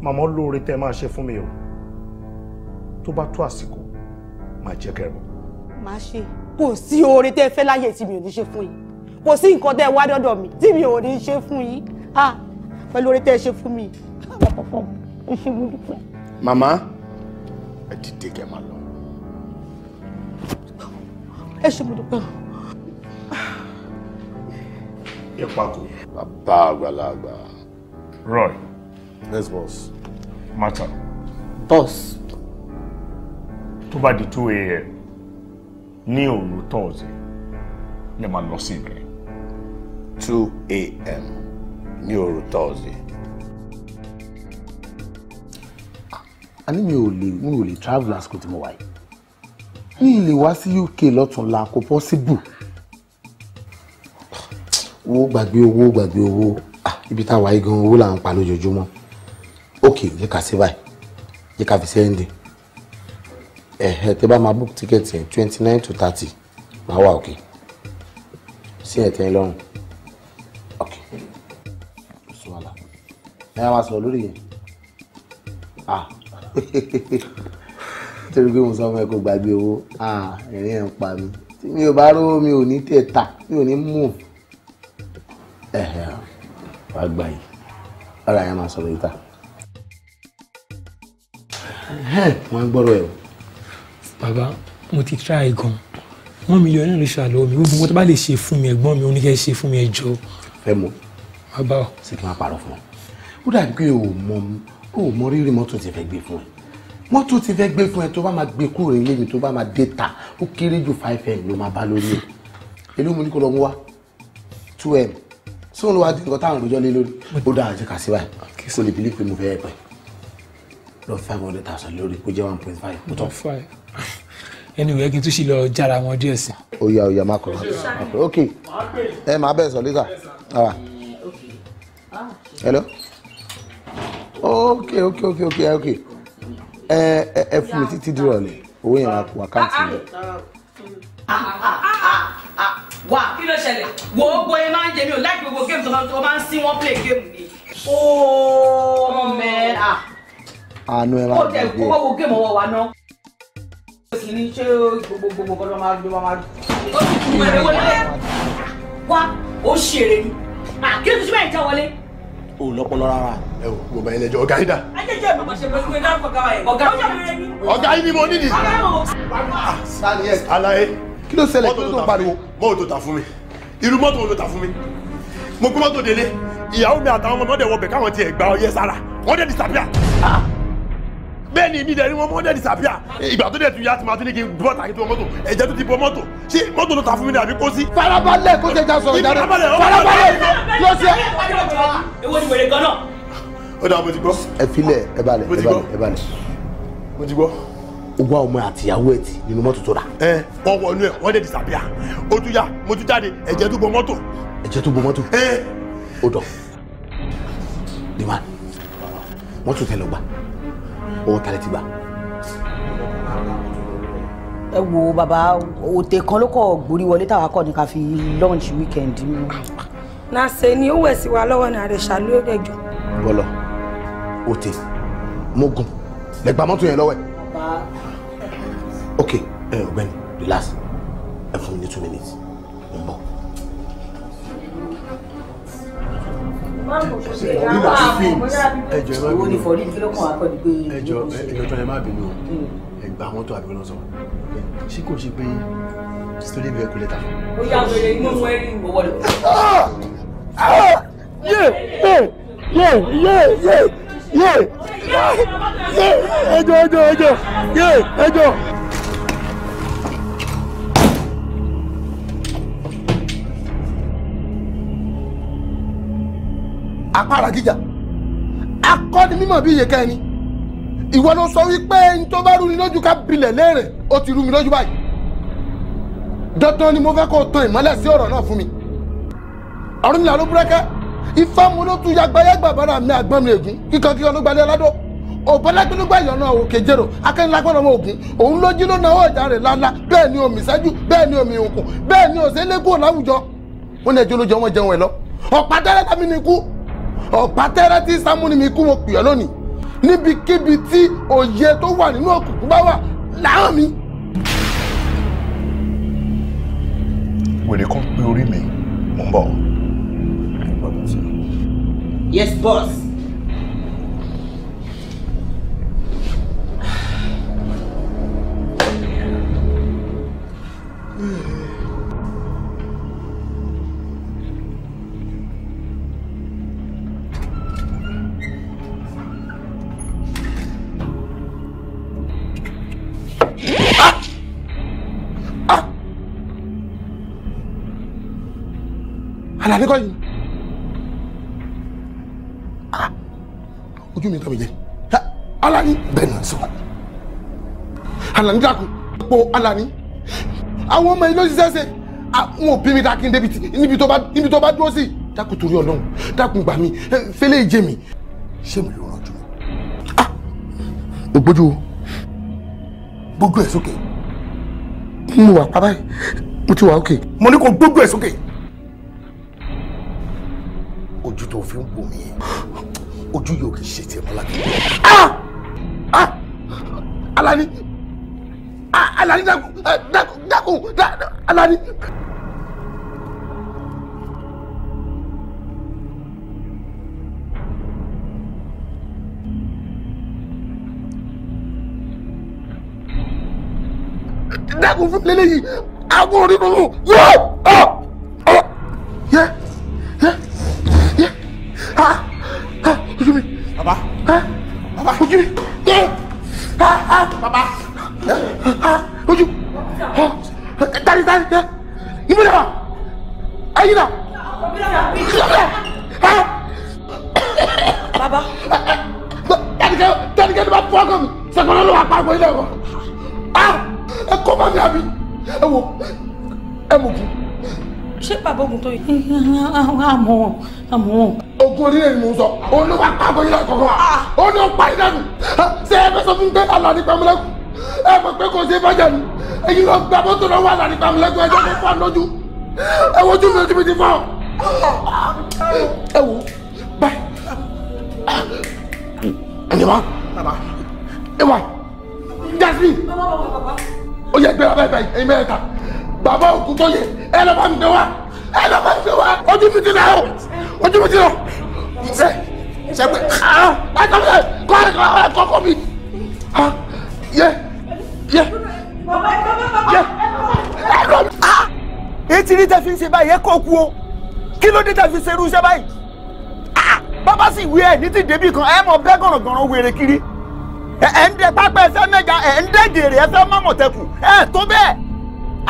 màmá lóore tẹ́ máa ṣe fún mi o tó bá tó àsìkò máa jẹ́ kẹrù. máa ṣe kò sí oore tẹ́ fẹ́ láyè tí mi ò ní ṣe fún yín kò sí nǹkan tẹ́ wá dọ́dọ̀ mi tí mi ò ní ṣe fún yín pẹ̀lú oore tẹ́ ṣe fún mi. màmá ẹ dìde kẹ́ máa lọ ẹ ṣe mo dúpẹ́. ẹ pàkó. bàbá àgbàlagbà. Roy. yes boss. Martha. boss. tó bá di two a.m. ní òru tọ́ọ̀sì lè máa lọ sí ibẹ̀. two a.m. ní òru tọ́ọ̀sì. a ní mi ò lè mi ò lè travel àsìkò tí mo wà mi ì lè wá sí UK lọ́túnla kò pọ́síbù. owó gbàgbé owó gbàgbé owó ah, ibi tá a wáyé gan owó là ń pa lójoojúmọ́ ok jẹ́ ká sí báyìí jẹ́ ká fi sẹ́yìn dè ẹ̀hẹ́ tẹ́ bá máa book ticket yẹn twenty nine to thirty máa wà òkè sí ẹ̀tẹ́ lọ́rùn ok sọ wàhálà ẹ wá sọ lórí yẹn ah. torí pé mo sọ fún ẹ kó gbàgbé owó ẹ̀rín ẹ̀ ń pa mi tí mi ò bá rówó mi ò ní tẹ̀ ta mi ò ní mú ẹ̀hẹ̀ wá gbà yìí ọ̀rọ̀ àyàn máa sọ̀rọ̀ yìí ta wọ́n á gbọ́rọ̀ ẹ̀ o. bàbá mo ti try gan one million náà ló ṣàlọ́ mi gbogbo wọn tó bá lè ṣe fún mi ẹ̀gbọ́n mi ò ní kẹ́ ṣe fún mi ẹ fẹ́ mo bàbá o. sì kí n máa parọ́ fún ọ ó dàbí pé o mọ o mọ rírì mọ́tò tí fẹ́ mọ́tò ti fẹ́ gbé fún ẹ tó bá máa gbé kúrò nílé mi tó bá máa dé ta ó kéré ju five m ló máa bá lórí ẹ èló mo ní kó lọ mú wá two m sóun ló wá di nǹkan táwọn òròjọ́ lé lórí ó dáa jẹ́ kà sí kò lè bílí pé mo fẹ́ pẹ́ lọ five hundred thousand lórí kó jẹ́ one point five kó tán. ẹni ìwé kí n tún ṣì lọ jára wọn díẹ̀ sí. ó yá ó yá má kọ̀ ok ẹ máa bẹ̀ sọ lẹ́tà hello ok ok ok ok ok ẹ ẹ ẹ fún mi títí dírọ̀lẹ́ owó yẹn máa àkáǹtì rẹ. wà kí ló ṣẹlẹ̀ wo gbogbo ẹ máa ń jẹ mí o láti gbogbo géèmù tó máa ń sí wọn play géèmù ni. ooo ọmọ mẹ́ta. àánú ẹ máa ń gbàgbé ó jẹ́ kókó géèmù ọwọ́ wa náà kìíní ṣé gbogbogbò kọ́ ló máa gbé máa dùn. ó ti kú ẹ̀rẹ̀ wọlé wá ó ṣèrè ni kí ló ti ṣe báyìí já wọlé. o lọpọlọ rárá ẹ wò mo bá yín lẹ́jọ́ ọ̀gá yín dà. ọ̀gá yín ni mo nídìí. alaye kí ló ṣẹlẹ̀ kí ló tó pariwo. mọ́tò tà fún mi irú mọ́tò wo ló tà fún mi mo gbé mọ́tò délé ìyàwó mi àtàwọn ọmọ náà dẹ̀ wọ bẹ̀ káwọn tiẹ̀ gba ọyẹ sára wọ́n dẹ̀ disapia bẹ́ẹ̀ ni mi dẹ̀ ni wọ́n mọ́ dẹ̀ disapia ìgbà tó dẹ̀ tún yá ti máa tún ní kí n bọ́ tàkì tó mọ́tò ẹ̀jẹ̀ tó ti bọ́ mọ́tò ṣé mọ́tò ló ta fún mi ní àbí kó sí. farabalẹ̀ kó tẹ̀ já sọ̀rọ̀ ìdáná farabalẹ̀ lọ sí ẹ ó dà mo ti gbọ́. ẹ filẹ̀ ẹ balẹ̀ ẹ balẹ̀ ẹ balẹ̀. mo ti gbọ́. ó wá ọmọ àtìyàwó ẹ ti nínú mọ́tò tó rà. ẹ wọn wọnú ẹ wọn dẹ disappear ó tún yá mo tún jáde ẹ̀jẹ̀ tó bọ mọ́tò. ẹ̀jẹ̀ tó bọ mọ́tò. ẹ ó dọ̀ diman mọ́tò tẹ lọ gbà owó talẹ̀ ti gbà. ẹ wo bàbá òtè kan ló kọ gborí wọlé táwa kọ ní ká fi lọ́ọ̀nì wíkẹ̀ndì. na ṣe ni o wẹ̀ sí wa lọ́wọ́ ní àrẹ̀ṣà lórí ẹ̀jọ̀. bọ́lọ̀ òtè mogun lè gba mọ́tò yẹn lọ́wọ́ ẹ̀. ok ẹ ọ̀gbẹ́ni relax ẹ fún mi ní two minutes mo ń bọ̀. nínú fífíìmù ẹjọ ẹ má bínú ẹjọ ẹjọ ẹ má bínú ẹ gba mọ́tò àbí ọlọ́sọ ṣé kò ṣe pé sítórí bẹ́ẹ̀ kò lè ta. ó yà wẹ̀rẹ̀ inú wọn rí ìwọ́wọ́ yé yé yé yé yé yé ẹjọ ẹjọ ẹjọ yé ẹjọ. àpárá gíga akọni mímọ̀ bí iyèká ẹni ìwọ ló sọ wípé ntọ́ bá rú ni lójú ká bilẹ̀ léèrè ó ti rú mi lójú báyìí dandan ni mo fẹ́ kó o tan ìmọ́lẹ̀ sí ọ̀rọ̀ náà fún mi ọ̀run mi là ló búrẹ́kẹ́ ifá mu ló tún yagbayagba bára mi àgbọn mi ègún kíkan kíkan ló gbalẹ ládọ ọ̀bọ̀lápẹ́ ló gbà yọ̀nà òkè jèrò akẹ́nilágbọ́dọ̀ ọmọ ògùn òun ló jí ló náwó ọ̀dà rẹ̀ lálá bẹ́ẹ̀ ni omi ìṣẹ́jú bẹ́ẹ̀ ni omi òkun bẹ́ẹ̀ ni òṣè lẹ́kọ̀ọ́ láwùjọ wọn ní ẹjọ́ ló jẹ wọn jẹun ẹ̀ lọ ọ̀pá tẹ́rẹ́ tàbí ni ikú ọ̀pá tẹ́rẹ́ tí sámúni mi kú mo pè lónìí níbikíbi tí òye tó wà nínú òkùnkùn bá wà láhàn mi. wèrè kan pé orí mi mò ń bọ̀. 없어요. Yes, boss. a la vez ojú mi tọ́ mi jẹ alani bẹ́ẹ̀ náà sọ alani dákun po alani àwọn ọmọ ilé òṣìṣẹ́ ṣe àwọn ah, òbí mi dákin débi tí níbi tó bá níbi tó bá dúró sí dákun torí ọlọ́run dákun gbà mí fẹlẹ́ ìjẹ mi ṣé mi ló ràn jù ògbójú ah! o gbójú ẹ̀ sókè mo wà pa báyìí mo ti wà òkè. mo ní kó gbójú ẹ̀ sókè ojú tó fi ń bò mí ojú yóò kì í ṣe tiẹ̀ mọ́lá kí. Ah! Ah! Ah! Alani Alani dákun dákun Alani. dákun fún lélẹ́yìí àwọn onírúurú yóò. àmọ́. ogun onílé ni mo sọ olúwa pàgọ́ yìí lọ́kọ̀ọ́ wa ah. ó ní ó pa ìdánù ṣé ẹ fẹ́ sọ fún mi pé Àlàní Pamilẹ́kùn ẹ mọ̀ pé kò ṣe é bàjẹ́ ni èyí lọ gba mọ́tò lọ́wọ́ Àlàní Pamilẹ́kùn ẹjọ́ tó fà lójú ẹ wojú mi ojú mi ti fọ́ ẹ wò báyìí ah. ẹ wá ẹ wá Jasmine ó yẹ gbéra báyìí báyìí ẹ̀yin mẹ́ta bàbá òkú tó yẹ ẹ lọ́ bá mi gbé wá ẹ lọ́ bá mi gbé wá ojú mi ti náà ojú ah, ah, mi ti lọ ṣe ṣe pé ẹkọ mi kọ ẹkọ kọ mi yẹ yẹ yẹ ẹkọ mi. Ah, etí ní tẹ́ fi ń ṣe báyìí ẹ kọ́ ku o kí ló dé tẹ́ fi ṣe irú iṣẹ́ báyìí bàbá sì wí ẹ ní ti débì kan ẹ mọ bẹ gànàgànà wèrè kiri ẹ ń dẹ pápẹ ẹfẹ mẹga ẹ ń dẹ gèrè ẹfẹ mọmọtẹkùn ẹ tó bẹ́ẹ̀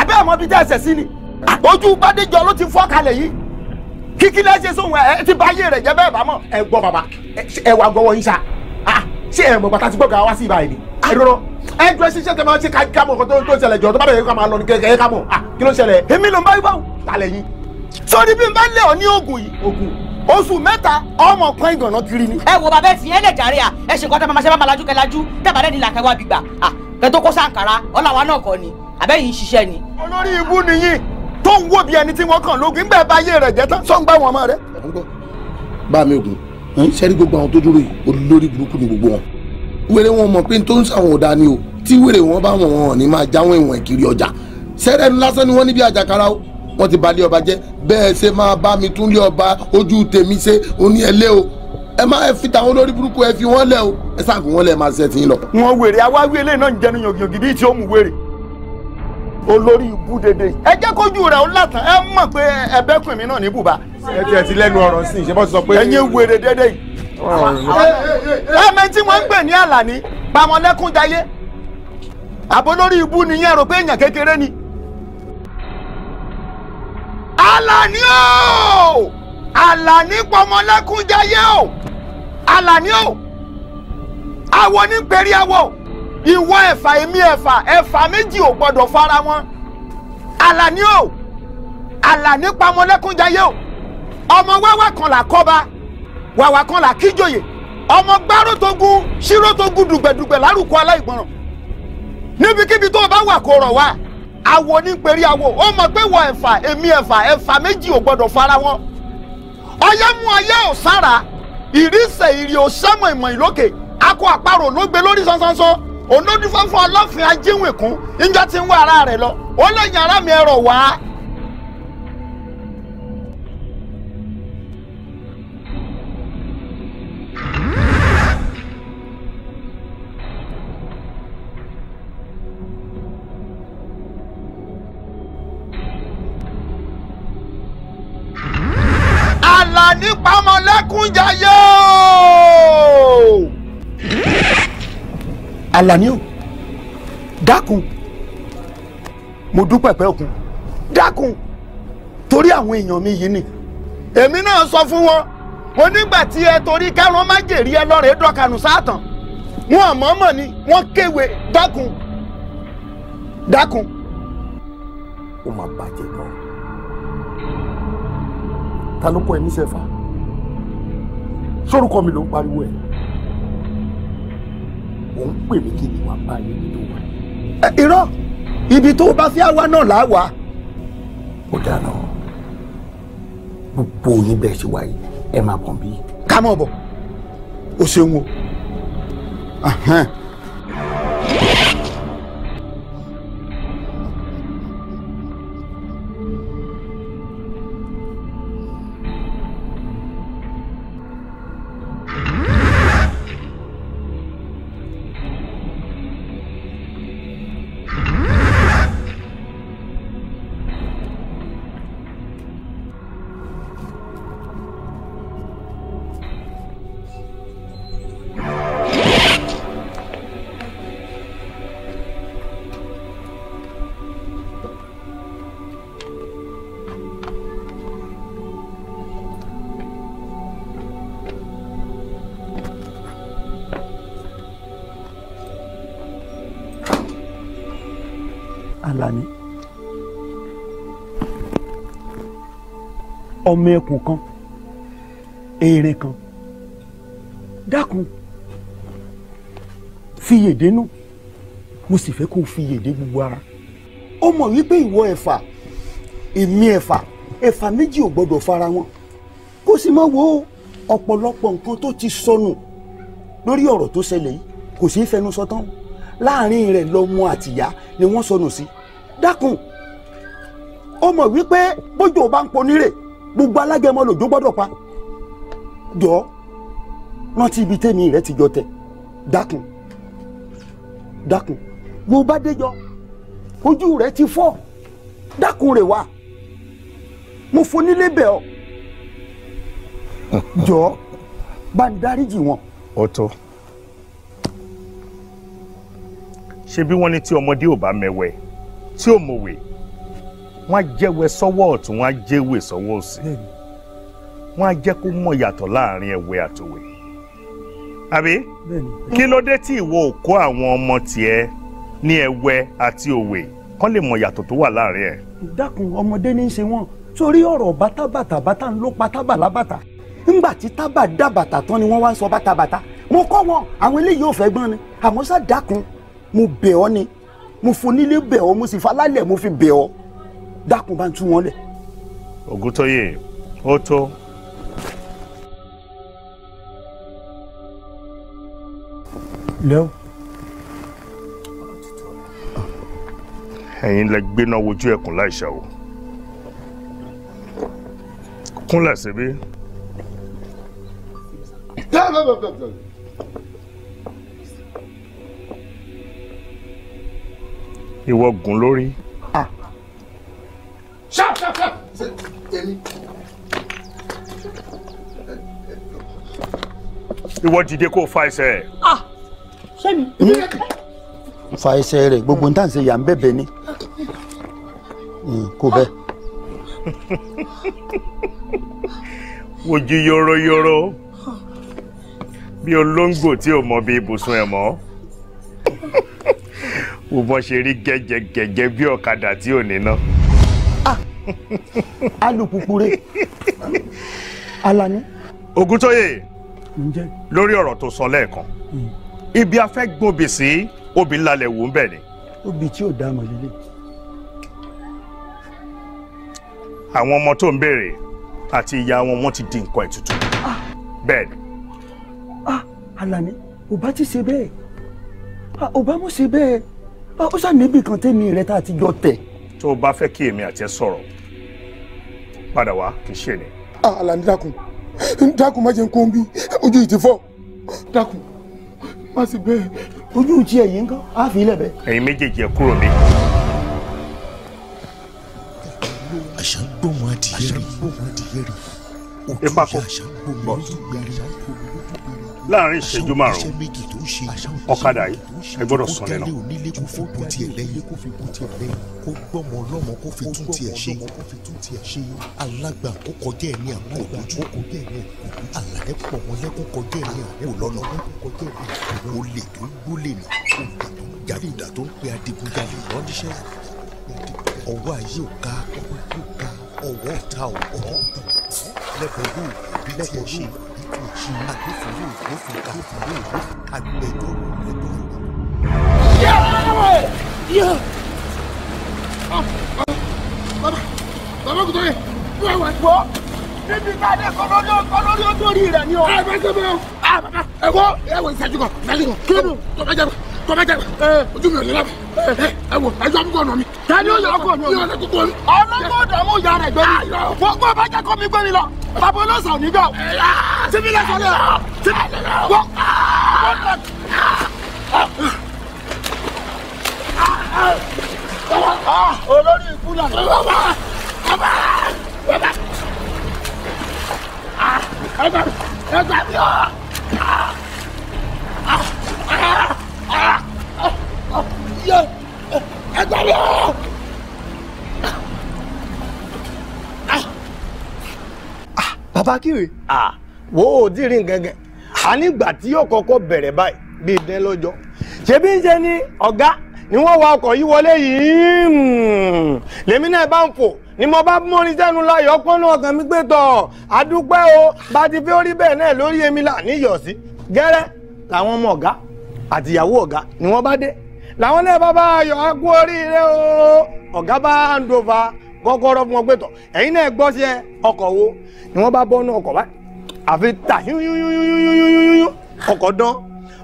abẹ́ ọmọ bíi tẹ́ ẹsẹ̀ sí ni ojú bàdéjọ ló ti fọ́ kalẹ̀ yìí kíkí lẹ́sẹ̀ sóhun ẹ ti bá yé rẹ̀ jẹ́ bẹ́ẹ̀ bá mọ̀ ẹ gbọ́ bàbá ẹ wà gbọ́wọ́ yín ṣá ṣé ẹ mọ̀ bàtà tí gbọ̀gà wá sí ibà yìí ni ẹ eh, dúró ẹ eh, dúró ṣiṣẹ́ tẹ máa ṣe ká mọ̀ nǹkan tó ń ṣẹlẹ̀ jọ tó bá bẹ̀rẹ̀ ká máa lọ ní kẹ̀kẹ́ ká mọ̀ ah, kí ló ń ṣẹlẹ̀ èmi ló ń bá yín báwò talẹ̀ yín sórí bí n bá lé ọ ní oògùn yìí oògùn oṣù mẹ́ta ọmọ kan ìgànnà kiri ni. ẹ wo bàbá ẹ fi ẹlẹ jàre à ẹ ṣe kọ́ta mamasa bá malajú kẹlajú dábàdẹ́ ni làkẹ́wà gbígbà kẹtó kó sànkárá ọ̀làwà náà kọ́ ni àbẹ́yìn ń ṣiṣẹ́ ni. olórí ibú nìyí tó ń wò bí ẹni tí wọ́n kàn lógun ńgbà báyé rẹ̀ jẹ́ tán sọ́n bá wọn mọ́ rẹ. bá mi ògùn sẹ́rí gbogbo àwọn tó dúró yìí olórí burúkú ni gbogbo wọn wèrè wọn mọ̀ pé n tó ń sàwọn ọ̀dà ni o tí wèrè wọn bá wọn wọn ní máa jáwọn ìwọ̀n ìkiri ọjà sẹ́rẹ́nu lásán ni wọ́n níbi àjàkárá o wọ́n ti balẹ̀ ọba jẹ́ bẹ́ẹ̀ ṣe máa bá mi tún lé ọba ojú tèmi ṣe oní ẹlẹ́ o ẹ má ẹ fi tàwọn olórí burúkú ẹ fi wọ́n lẹ̀ o ẹ sáà kó wọ́n lẹ̀ máa ṣẹ́ ti I lọ. wọn wèrè awáwí eléyìí náà ń jẹnu yògìyògì bíi tí ó mú wèrè olórí ibú dédé ẹ jẹ́ kójú rẹ̀ ó látàn ẹ mọ̀ pé ẹbẹ́kùn mi náà ní bùbá. ẹ ti ẹ ti lẹ́nu ọ̀rọ̀ sí ìṣẹ́fọ́ sọ pé. ẹ̀yin wèrè dédé yìí. tí wọ́n ń gbè ní àlàní pamọ́lẹ́kún dayé àbó lórí ibú nìyẹn rò pé èèyàn kékeré ni. àlàní o àlàní pamọ́lẹ́kún dayé o àlàní o àwọn onípẹ̀rí awọ ìwọ ẹ̀fà èmi ẹ̀fà ẹ̀fà méjì ò gbọ́dọ̀ fara wọn Àlàní o Àlàní pamọ́lẹ́kúnjayé o ọmọ wáwá kan là kọ́ba wàwá kan là kíjòyè ọmọ gbárò tó gún ṣírò tó gún dùgbẹ̀dùgbẹ̀ lárúkọ aláìgbọràn níbikíbi tó o bá wà kó rọ̀ wá àwo ní pèrí àwo ó mọ̀ pé wọ ẹ̀fà èmi ẹ̀fà ẹ̀fà méjì ò gbọ́dọ̀ fara wọn ọyẹ́ mú ọyẹ́ ò sára ìrísẹ̀ ìrì ò sẹ́mọ̀ ìmọ̀ ìlókè akọ àparò ló gbé lórí sánsánsán olódúfá fún ọlọ́fin ajéwìn kún níjọ́ tí ń wá ara rẹ̀ lọ ó lè yan mi ẹ̀rọ wá. àlà nípa ọmọlẹ́kùnjayé o. Àlàní o dákun mo dúpẹ́ pẹ́ òkun dákun torí àwọn èèyàn mi yìí ni èmi náà sọ fún wọn mo nígbà tí ẹ torí kẹrun májèrí ẹ lọ́rẹ̀ẹ́ dọ̀kanù sátàn wọn àmọ́mọ́ ni wọ́n kéwe dákun dákun. ó máa bàjẹ́ gan ta ló kọ́ ẹ níṣẹ́ fà sórúkọ mi ló ń pariwo ẹ̀ ò ń pè mí kí ni wàá bá yín nínú wa. irọ́ ibi tó bá fi àwa náà là á wà. ó dáná gbogbo yín bẹ́ẹ̀ ṣe wáyé ẹ máa bọ̀ bí. ká mọ̀ bọ̀ o ṣeun o. ọmọ ẹkùn kan èrè kan dákun fiyèdé nù mo sì fẹ́ kó fiyèdé gbogbo ara ó mọ̀ wípé ìwọ ẹ̀fà èmi ẹ̀fà ẹ̀fà méjì ò gbọ́dọ̀ fara wọn kó sì má wo ọ̀pọ̀lọpọ̀ nǹkan tó ti sọnù lórí ọ̀rọ̀ tó ṣẹlẹ̀ yìí kò sí fẹnu sọ tán láàrin rẹ̀ lọ́mọ àtìyá ni wọ́n sọnù sí dákun ó mọ̀ wípé bójú ò bá ń ponírè gbogbo alágẹmọ lòjó gbọ́dọ̀ pa jọ rántí ibi tèmi rẹ ti jọ tẹ dákun dákun wo bá dé jọ ojú rẹ ti fọ́ dákun rè wá mo fonílé bẹ̀ ọ́ jọ bá ń dáríjì wọn. ọ̀tọ̀ ṣé bí wọ́n ní tí ọmọdé ò bá mẹ̀wẹ̀ tí ò mọ̀wé wọ́n á jẹ́wẹ́ sọ́wọ́ ọ̀tún wọ́n á jẹ́wẹ́ sọ́wọ́ òsì wọ́n á jẹ́ kó mọ̀ yàtọ̀ láàrin ẹ̀wẹ́ àtòwẹ́ àbí kí ló dé tí ìwọ ò kó àwọn ọmọ tiẹ̀ ní ẹ̀wẹ́ àti òwe kán lè mọ̀ yàtọ̀ tó wà láàrin ẹ̀. dákun ọmọdé ní í ṣe wọn sórí ọ̀rọ̀ bátábàtà bátà ń ló pa tábàlábàtà ńgbà tí tábà dábàtà tán ni wọ́n wá ń sọ bátabàtà mo kọ́ wọn àwọn eléyìí ò fẹ́ gbọ́n ni àmọ́ sá dákun mo bẹ̀ ọ́ ni mo fonílé bẹ̀ ọ́ mo sì falálẹ̀ mo fi bẹ̀ ọ́ dákun bá ń tú wọn lẹ̀. ògùtọ́yè ó tó. lẹ́wọ̀. ẹ̀yin lẹ gbéná wojú ẹkùn láìṣà o kúnlẹ̀ síbí. ìwọ gùn lórí. ìwọ dìde kó fa ẹsẹ̀ rẹ̀. Ah, ṣé mi. Hmm? fa ẹsẹ̀ rẹ̀ gbogbo nǹkan ṣe yà ń bẹ̀bẹ̀ ni hmm, kò bẹ́ẹ̀. ojú yoroyoro bí olóńgbò tí ò mọ bí ibùsùn ẹ̀ mọ́ wò bọ́n ṣe rí gẹ́gẹ́gẹ́gẹ́ bí ọ̀kadà tí ò ní ná. Ah! alùpùpù rẹ̀ alani. Ògúntóyè lórí ọ̀rọ̀ tó sọ lẹ́ẹ̀kan hmm. ibi a fẹ́ gbòbì sí obì ńlá wò ń bẹ̀ ni. obì tí ò dá mọ̀ lílé. àwọn ọmọ tó ń béèrè àti ìyá wọn wọ́n ti di nǹkan ètùtù ah! bẹ́ẹ̀ ni. Ah! Alani ò bá ti ṣe bẹ́ẹ̀ ò bá mọ̀ ṣe bẹ́ẹ̀ ah! ó ṣáà níbi kan tẹ́mi rẹ tá a ti jọ tẹ̀. tó o bá fẹ́ kí èmi àti ẹ sọ̀rọ̀ padà wá kì í ṣe ni. Alani dákun dákun má jẹ́ ń kóńbí ojú ìtì fọ́ dákun má sì bẹ́ẹ̀ ojú ìtì ẹ̀yìn kan á fi ilẹ̀ bẹ́ẹ̀. ẹ̀yin méjèèjì ẹ kúrò mi. àṣà ń gbóhùn adìyẹ rẹ ipa kọ láàrin ìṣẹ́jú márùn ọ̀kadà yìí ẹ gbọ́dọ̀ sàn lẹ́nu. kó fògùn tiẹ̀ lẹ́yìn kó fògùn tiẹ̀ lẹ́yìn kó gbọ́mọ ọlọ́mọ kó fi tún tiẹ̀ ṣe kó fi tún tiẹ̀ ṣe alágbà kó kọjá ẹ̀mí àpò lójú àlàyé pọ̀ wọn lẹ́kọ̀ọ́ kọjá ẹ̀mí àpò lọ́nà olè tó gbólè ní jàdùdà tó ń pe adigunjalè lọ́díṣẹ́ ọwọ́ ayé ò ká ọwọ́ ọ̀tá ò kọ́ lẹ́kọ̀ọ́ yóò bí tiẹ̀ ṣe ètò agbófinró ìgbófinró ìgbófinró agbẹjọ́rò agbẹjọ́rò. bàbá bàbá kò tó yẹ kí wàá wà gbọ́. níbi káde kọlọ́lọ́ kọlọ́lọ́ tó rí rẹ̀ ni o. ẹ bá tó bẹ́ẹ̀ o. ẹ wọ ẹ wọ ìṣẹ́jú kan ìṣẹ́jú kan kí ló tó bá jẹ́ bá kọ́má jẹ ojú mi ò lè ẹ wò ẹjọ́ mi kò nà mí. tani o yọrọ kò mi yọrọ kókó mi. ọlọ́gbọ́n dààmú ìyá rẹ̀ gbé mi gbogbo ọba jẹ́ kó mi gbé lọ bàbá olóòsàn ò ní gbà o síbi lẹ́sọ̀ lè rà síbi wọ́n ah, olórí ikú náà. ẹ gbà mí ọ. ṣe ẹgbẹ́ mi ọ́. ah kiri. wo ò tí ì rí nǹkan kan a nígbà tí yóò kọ́kọ́ bẹ̀rẹ̀ báyìí bíi dẹ́ lọ́jọ́ ṣebí ń ṣe ni ọ̀gá ni wọ́n wa ọkọ̀ yìí wọlé yìí hmm. lèmi náà bá ń fò ni mo bá mọ́rin sẹ́nu láyọ̀ pọ́nú ọkàn mi pé tọ̀ àdúpẹ́ o bá ti fi orí bẹ́ẹ̀ náà lórí èmi là níyọ̀ sí gẹ́rẹ́ làwọn ọmọ ọ̀gá àtìyàwó ọ̀gá ni wọ́n bá dé làwọn náà bá bá ayọ̀ akú oríire o ọ̀gá bá handover kọ́kọ́rọ́ fún wọn pé tọ̀ ẹ̀yin náà gbọ́ sí ẹ ọkọ̀ wo ni wọ́n bá bọ́ náà ọkọ̀ báyìí àfi tà yúnyúnyúnyúnyúnyúnyún ọkọ̀ dán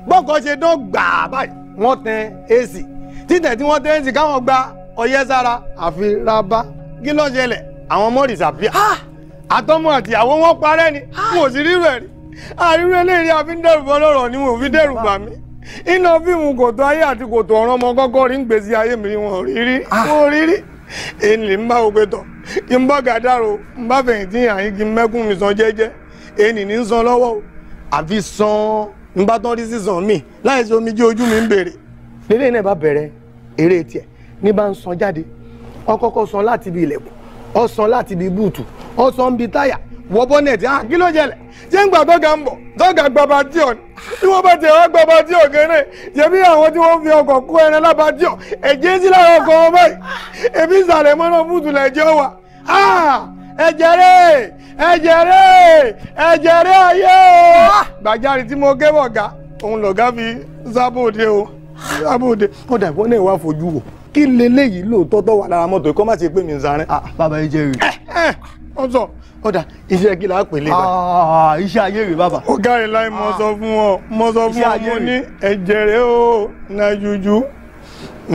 bọ́kọ̀ ṣe dán gbàá báyìí wọ́n tẹ ac títẹ̀ tí wọ́n tẹ ac káwọn gba ọyẹ́ sára àfi rábá kí ló ṣẹlẹ̀ àwọn ọmọ rìsàbíà àtọmọ àtìyàwó wọn parẹ́ ni wọn ò sì rírọ ẹ̀rí àrírọ eléyìí àfi ń dẹ́rù bọ́ lọ́rọ̀ ni wọn ò fi dẹ́rù bà mí iná fíìmù kò tó ayé àti kò tó ọ̀ràn ọmọ kọ́kọ́ rí ń gbèsè ayé mi wọn rí rí ah. wọn rí rí èlì ń bá ògbé tọ̀ kí n bá gàdárò ń bá fẹ̀yìntì àyín kí n mẹ́kún mi san jẹ́jẹ́ ènì ní ń san lọ́wọ́ o àfi san ń bá tán rí sísan mi láì sí omijé ojú mi ń bèrè. lélẹ́yìn náà bá bẹ̀rẹ̀ eré tiẹ̀ ní bá ń san jáde ọkọ̀ kọ́ san láti ibi ilẹ̀kùn ọ̀sán láti ibi búùtù ọ̀sán bíi táyà wọ bọ́nẹ̀tì ah kí ló jẹlẹ̀ ṣé ń gbà tọ́gà ń bọ̀ tọ́gà gbàbàdíọ̀ tí wọ́n bá tẹ̀ wá gbàbàdíọ̀ gẹ́rẹ́ yẹ̀bí àwọn tí wọ́n fi ọkọ̀ kó ẹran lábàdíọ̀ ẹ̀jẹ̀ sí lára ọkọ̀ wọn báyìí èmi ìsàlẹ̀ mọ́nà mútùlẹ̀ ẹ̀jẹ̀ wà ah ẹ̀jẹ̀ rẹ̀ ẹ̀jẹ̀ rẹ̀ ẹ̀jẹ̀ rẹ̀ ayé o ah, gbàjarì tí mo gé bọ̀gá òun lọ̀gá fi sábòde o sábòde ó dà ìwọ náà wá fojú wò kí leléyìí lóòótọ́ tó wà lára mọ́tò kọ́ má ti ọ̀sọ̀ ọ̀dà iṣẹ́ kí la pè iṣẹ́ ayé rè bàbá. ọ̀gá rẹ̀ láì mọ sọ fún ọ mọ sọ fún ọ mo ní ẹ̀jẹ̀ rẹ̀ o na juju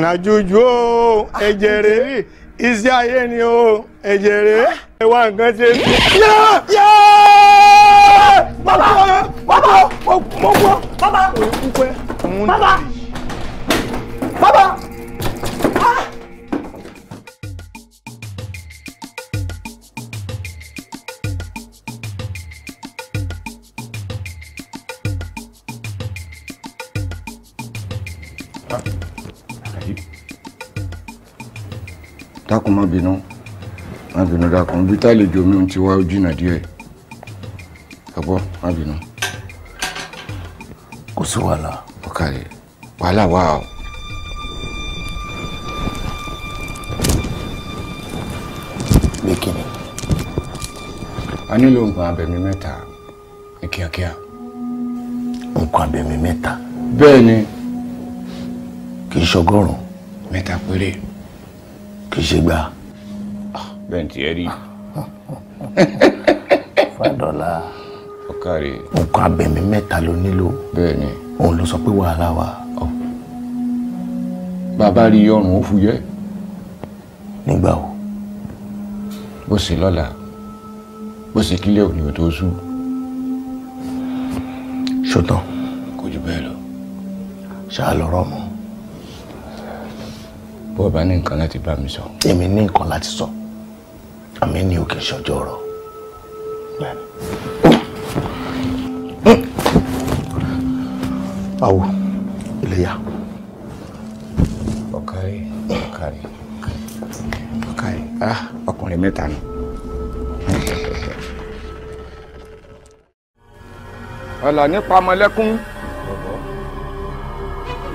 na juju o iṣẹ́ ayé ni o ẹ wá nǹkan ṣe bàbá bàbá mo bàbá bàbá bàbá. dákun má bínú má bínú dákun bí tálejò mi ti wá jìnnà díẹ̀ ẹ̀gbọ́ má bínú. kò sí wàhálà. ọ̀kàlẹ̀ wàhálà wà o. bí kíni. a nílò nǹkan abẹ̀mí mẹ́ta ní kíákíá. nǹkan abẹ̀mí mẹ́ta. bẹ́ẹ̀ ni. kì í ṣọgọ́rùn-ún. mẹ́ta péré kì í ṣe gbà. bẹ́ẹ̀ ni tiẹ̀ rí. fàdọ́là ọ̀kàrẹ̀. nǹkan abẹ̀mí mẹ́ta ló nílò. bẹ́ẹ̀ ni. òun ló sọ pé wàhálà wà. bàbá rí ọrùn ó fúyẹ́. nígbà wo. bó ṣe lọ́la bó ṣe kílẹ̀ òní ò tó sú. ṣùtàn. kò jù bẹ́ẹ̀ lọ. ṣáà lọ́rọ̀ mọ́ ò bá ní nǹkan láti bá mi sọ. èmi ní nǹkan láti sọ àmì ní òkè ṣọjọ́ ọ̀rọ̀. báwo hmm. iléyà. ọ̀kárí ọ̀kárí ọ̀kárí ah, ọkùnrin mẹ́ta ni. ọ̀là nípa ọmọlẹ́kún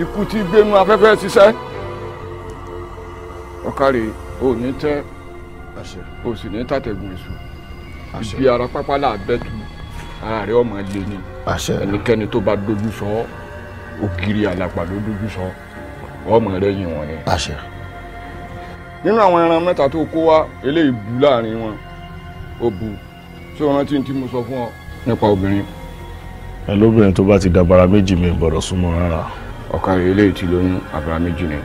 ikú tí gbénu afẹ́fẹ́ ṣiṣẹ́ ọ̀kàrẹ̀ ò ní tẹ́ ò sì ní tàtẹ̀gùn èso ibi ara pápá là bẹ́tù ara rẹ̀ ọmọ lé ni ẹnikẹ́ni tó bá dojú sọ ògiri àlàpà ló dojú sọ ọmọ rẹ̀ yìn wọ́n ni. nínú àwọn ẹran mẹ́ta tó kó wá eléyìí bu láàrin wọn ó bu ṣé o rántí tí mo sọ fún ọ nípa obìnrin. ẹ lóbìnrin tó bá ti dàbàrà méjì mi gbọ́dọ̀ súnmọ́ rárá. ọ̀kàrẹ̀ eléyìí ti lóyún àbàrà méjì ni.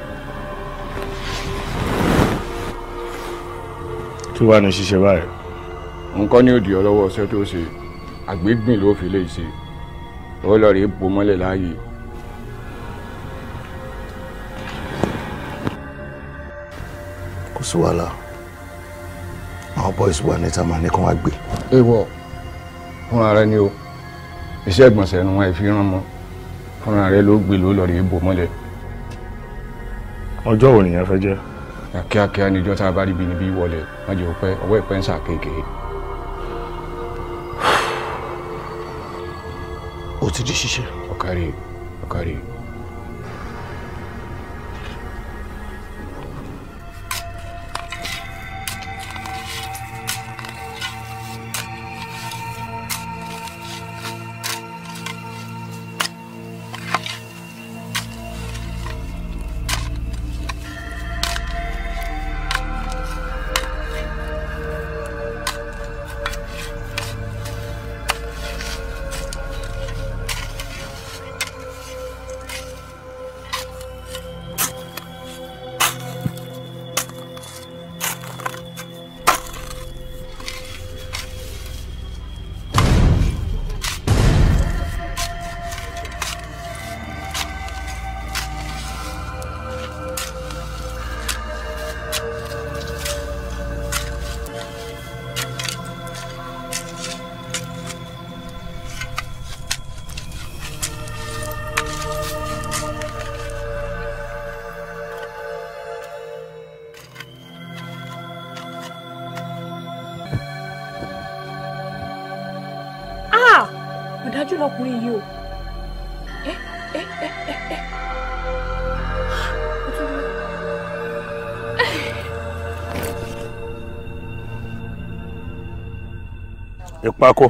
kí wàá ní ṣíṣe báyìí. nǹkan ní òdì ọlọ́wọ́ ọ̀sẹ̀ tó ṣe àgbégbìn ló fi lè ṣe ó lọ rí ipò mọ́lẹ̀ láàyè. kò sí wàhálà àwọn boys wà níta máa ní kí wọ́n á gbé. ewọ fúnra rẹ ni o iṣẹ́ ìgbọ̀nsẹ̀ ni wọ́n fi rán mọ́ fúnra rẹ ló gbé ló lọ rí ipò mọ́lẹ̀. ọjọ́ wo nìyẹn fẹ́ jẹ́ kíákíá ni ìjọ tá a bá rí ibi níbí wọlé má jẹ́ òpẹ́ ọwọ́ ìpẹ́ ń sà kéèké. ó ti di ṣíṣe. ọ̀kárí ọ̀kárí. ìpakọ.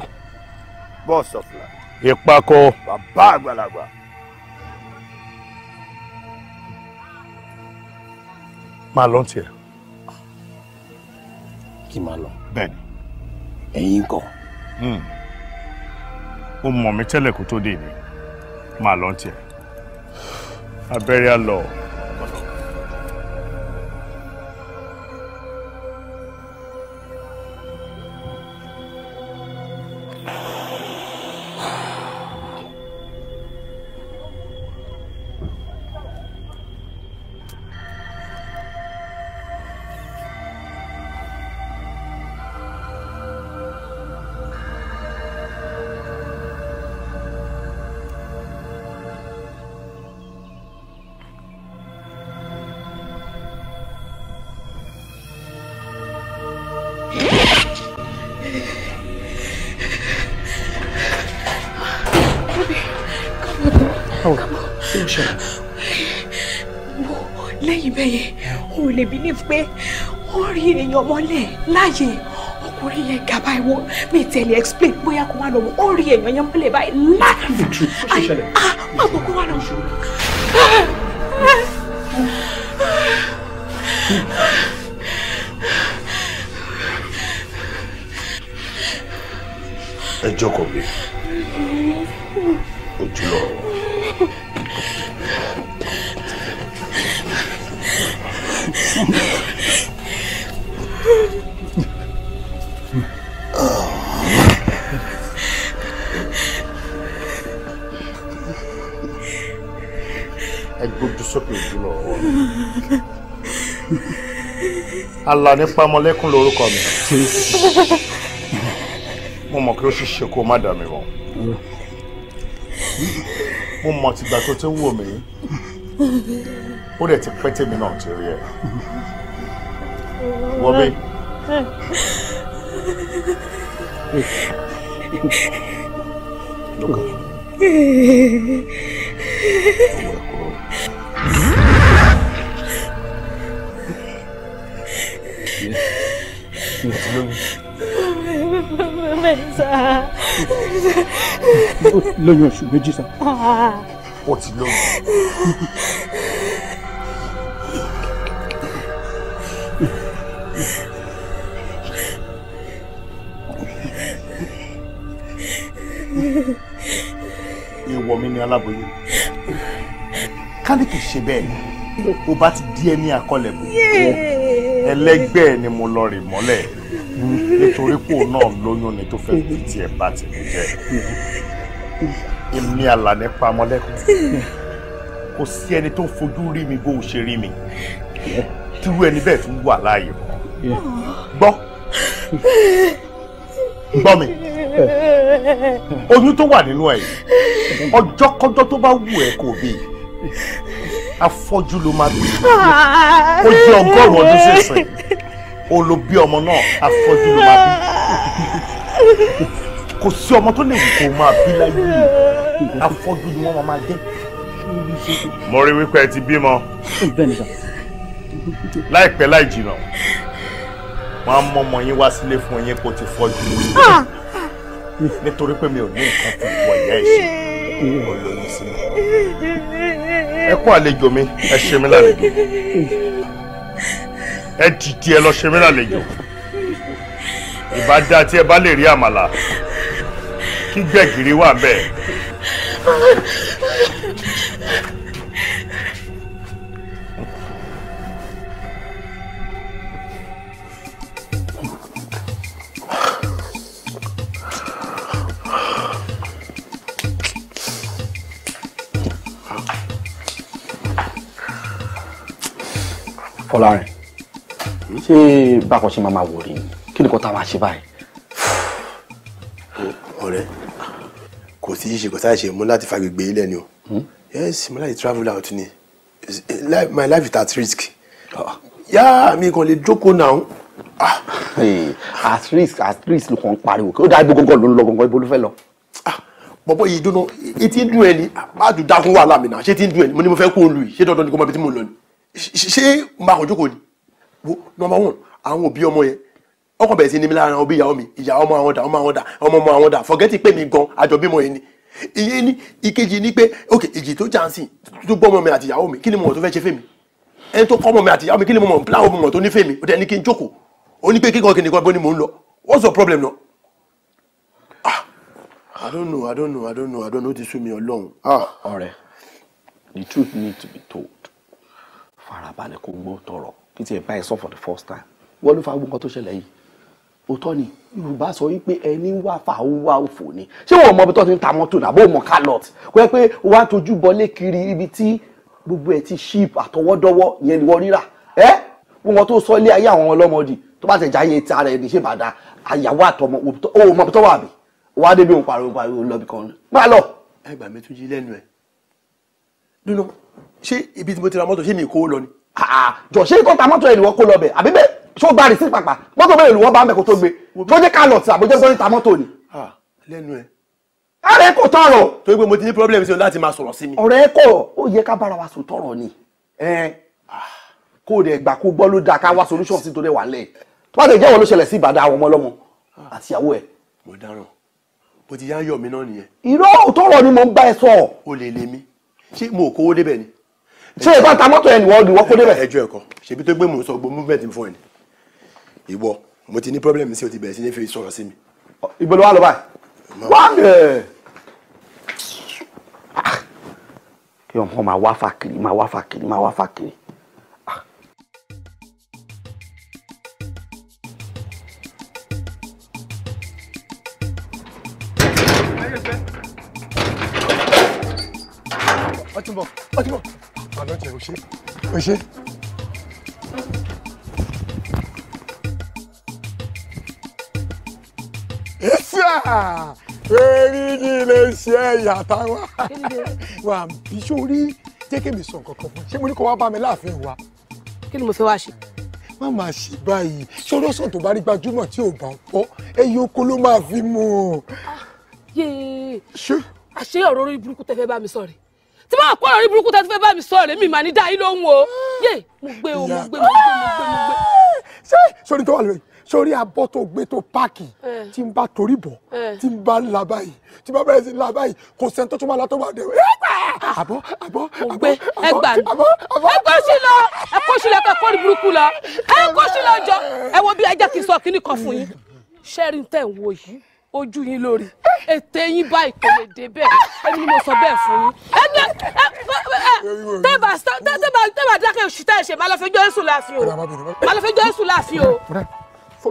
bọ́ọ̀sì ọ̀fìlà. ìpakọ. bàbá àgbàlagbà. máa lọ tiẹ̀. kí máa lọ. bẹ́ẹ̀ni. ẹ̀yin kọ́. Hmm. ó mọ̀ mí tẹ́lẹ̀ kó tó dé mi máa lọ tiẹ̀. abẹ́rẹ́ á lọ. lẹ́yìn bẹ́yẹn o ò lè believe pé ó rí èèyàn mọ́lẹ̀ láàyè ọkùnrin yẹn gàba ìwọ mi tẹ̀lé explain bóyá kó wà lọ́wọ́ ó rí èèyàn yẹn mọ́lẹ̀ báyìí láàyè ah má bọ̀ kó wà lọ́wọ́. ẹ jókòó bí ojúlọ. Àlàní Pamọ́lẹ́kún lórúkọ mi. Mo mọ̀ kí ó ṣiṣẹ́ kó má dà mí mọ́. Mo mọ̀ tìgbà tó ti ń wò mí ó dẹ̀ ti pẹ́ tèmi náà ti rí ẹ. wọ́n mi. lókè. lóyún oṣù méjì sá. ó ti lóyún. èèwọ̀ mi ni aláboyún kálíkì ṣe bẹ́ẹ̀ ni o bá ti di ẹni àkọlẹ̀bù ẹlẹ́gbẹ́ ni mo lọ rè mọ́lẹ̀ nítorí pò náà lóyún ni tó fẹ́ fi tiẹ̀ bá ti mi jẹ́ èmi àlàní pamọ́lẹ́kùn kò sí ẹni tó fojú rí mi bó o ṣe rí mi tírú ẹni bẹ́ẹ̀ tún wà láàyè gbọ́ gbọ́ mi. oyún tó wà nínú ẹ̀ ọjọ́ kọ́jọ́ tó bá wù ẹ́ kò bí afọ́jú ló máa bí ó jẹ́ ọgọ́rùn-ún ọdún sísìn olóbi ọmọ náà afọ́jú ló máa bí kò sí ọmọ tó lè wù kó máa bí láyé afọ́jú ni wọ́n máa jẹ́. mo rí wípé ẹ ti bímọ láìpẹ́ láì jìnnà wọ́n á mọ́ ọmọ yín wá sílé fún yín kó ti fọ́jú. Ah! nítorí pé mi ò ní nǹkan fún ìwọ ìyá ẹ ṣe kó lóyún sí mi. ẹ kó àlejò mi ẹ ṣe mí lálejò ẹ dìde ẹ lọ ṣe mí lálejò ìbá dá tí ẹ bá lè rí àmàlà kí gbẹ̀gìrì wà bẹ́ẹ̀. Fọlárin ṣé bákan ṣe máa máa wò rí kí ni kò tá a máa ṣe báyìí. ọ̀rẹ́ kò sí ṣe kò sáà ṣe mú láti fagbègbè ilẹ̀ ni o hmm? yes mo láti travel out ni my life is at risk ah. yá mi kàn lè jókòó náà. Ah. at risk at risk ló kàn ń pariwo kí ó dáa gbogbo ló ń lọ gbogbo ibo ló fẹ́ lọ. bọ̀bọ̀ ah, yìí dúró etí ń dún ẹni má dùn dákún wàhálà mi náà ṣé tí ń dún ẹni mo ní mo fẹ́ kó o lù yìí ṣé dandan ni kó mọ ibi tí mo lọ ni ṣé máa kàn jókòó ni wo number one àwọn òbí ọmọ yẹn ọkọ bẹ̀rẹ̀ sí ní mi lára àwọn òbí ìyàwó mi ìyàwó ọmọ àwọn dà ọmọ àwọn dà ọmọ ọmọ àwọn dà forget pé mi gan àjọbímọ yẹn ni ìyẹn ni ìkejì ni pé ok ìjì tó jà ń sìn tó gbọ́ ọmọ mi àti ìyàwó mi kí ni mo mọ̀ tó fẹ́ ṣe fèmí ẹni tó kọ́ ọmọ mi àti ìyàwó mi kí ni mo mọ̀ plan ọmọ mọ̀ tó ní fèmí ó dẹ̀ ní kí n jókòó ó ní pé kíkan kí nìkan bó ni mò ń lọ what's your problem náà. ah i don't know i don't know i don't know i don't know ó ti sú mi ọlọ́run. ah ọ̀rẹ́ the truth need to be told farabalẹ̀ kó gbọ́ tọrọ kí tiẹ̀ báyìí sọ for the first time wọ́n ló fa gbogbo nǹkan tó ṣẹlẹ̀ yìí òótọ́ ni yorùbá sọ wípé ẹni wà fà ó wà òfò ni ṣé wọn mọ ibi tó ti ń ta mọ́tò náà bó mọ carlot kó yẹ pé wàá tójú bọlé kiri ibi tí gbogbo ẹ ti ṣíp àtọwọ́dọ́wọ́ yẹn ni wọ́n rírà ẹ́ wọn tó sọ ilé ayé àwọn ọlọ́mọdì tó bá tẹ̀jà yẹ ti ara ẹni ṣe bàdá àyàwó àtọmọ òun mọ ibi tó wà bì wàá débi òun pariwo pariwo lọ́bì kan ní. má lọ. ẹ gbà mí tún jí lẹ́nu ẹ̀ dúnà ṣé ibi tí mo ti ra mọ́tò ṣé mi kó lọ ni. jọ ṣé kọ́ta mọ́tò ẹ̀ lùwọ́ kó lọ bẹ̀ àbí bẹ́ẹ̀ ṣó gba rìsí pàpà mọ́tò bẹ́ẹ̀ lùwọ́ bá ń bẹ̀ kó tó gbé tó jẹ́ kálọ̀t àbójẹ́ gbọ́n níta mọ́tò ni. lẹ́nu ẹ̀. ẹ̀rẹ́ kò tọrọ. torí pé mo ti ní problem sí i láti máa sọ̀rọ̀ sí mi. ọ̀rẹ́ kọ̀ ó yẹ ká bára wa sùn tọrọ ni kó o dẹ̀ gbà kó gbọ́ ló dáa ká wá solution sí mo kówó débẹ̀ ni ṣé ìbá ta mọ́tò ẹni wọ́ọ̀dù wọ́kó débẹ̀. ẹjọ́ ẹ̀kọ́ ṣebí tó gbé mò ń sọ gbogbo movement fún ẹ ni ìwọ mo ti ní problem sí o ti bẹ̀rẹ̀ sí ní fi sọ̀rọ̀ sí mi. ìgbèlú wa lọ báyìí. wọ́n dẹ̀. Ah, kí ọmọ máa wá fàkiri máa wá fàkiri máa wá fàkiri Ẹ ṣé. Ìṣà! Eré yìí lè ṣe ẹ̀yà táwa. Wà bí sórí jẹ́ kí mi sọ nǹkan kan fún ẹ. Ṣé mo ní kó wá bá mi láàfin wa? Kí ni mo fẹ́ wá ṣe? Má máa ṣe báyìí. Ṣọ́rọ́sọ̀ tó bá rí gbajúmọ̀ tí ò bá ń pọ́, ẹyẹ oko ló máa fi mú un. Ah, ṣé? Àṣé orí burúkú tẹ fẹ́ bá mi sọ tí máa kọ́ ọ̀rọ̀ burúkú tẹ́ tó fẹ́ bá mi sọ̀rọ̀ èmi màá ní dá yín lóhùn o yé mo gbé o mo gbé mo gbé mo gbé mo gbé. ṣé sori tó wà lórí sori abọ́ tó gbé tó páàkì tí n bá torí bọ̀ tí n bá la báyìí tí n bá bẹ̀rẹ̀ sí la báyìí kò sẹ́ni tó tún máa la tó máa dẹ̀ àbọ̀ àbọ̀ àbọ̀ àbọ̀ àbọ̀ àbọ̀ ẹgbẹ́ sí lọ ẹkọ́ sí lọ ẹkọ́ ní burúkú lọ ẹkọ́ sí lọ jọ ẹ wo bí ẹ jẹ́ kí n sọ kíní kan fún yín ṣẹ́rin tẹ̀ ń wo yìí ojú yín lórí ètè yín báyìí kò lè dé bẹ́ẹ̀ èmi ni mo sọ bẹ́ẹ̀ fún yín. ẹgbẹ́ tẹ́bà tẹ́bà tẹ́bà dákẹ́ oṣù tẹ́ ẹ ṣe máa lọ fẹjọ́ Jésù láàfin o máa lọ fẹjọ́ Jésù láàfin o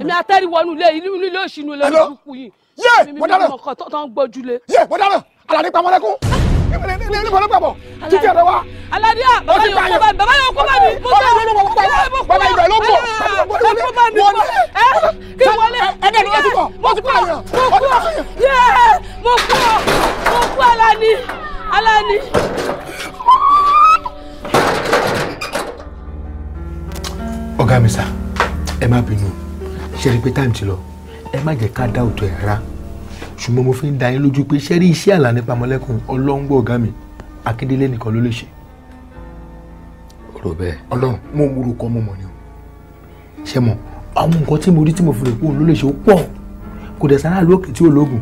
èmi atẹ́rì wọnú ilé ilé ilé òṣìnú ilé olùkú yìí èmi mi mọ̀ kọ́ tó ń gbójúlé. yé mo dáná alàdé pamọ́ lẹ́kún ní kò ní pàbọ̀ títí ẹ̀rọ wa. alade a baba yóò kó bá mi baba yóò kó bá mi mo sọ baba yóò kó bá mi baba yóò kó bá mi baba yóò kó bá mi ẹ kí n wọlé ẹgbẹ́ mi ti bọ̀ mo kú ọ mo kú ọ yẹ mo kú ọ mo kú Alani Alani. ọ̀gá mi sá ẹ má bínú ṣe é rí pé táìmù ti lọ ẹ má jẹ́ ká dá òtò ẹ̀ rárá ṣùgbọ́n mo fi ń dá yín lójú pé ṣẹ́rí iṣẹ́ Àlàní Pamọ́lẹ́kùn ọlọ́ngbọ́ ọ̀gá mi Akíndélé nìkan ló lè ṣe. ọ̀rọ̀ bẹ́ẹ̀. Ọlọ́run mo ń wúrò kọ́ mo mọ̀ ni o ṣe mọ̀ àwọn nǹkan tí mo rí tí mo fi rè pé òun ló lè ṣe ó pọ̀ kò dẹ̀ sára lókè tí ò lóògùn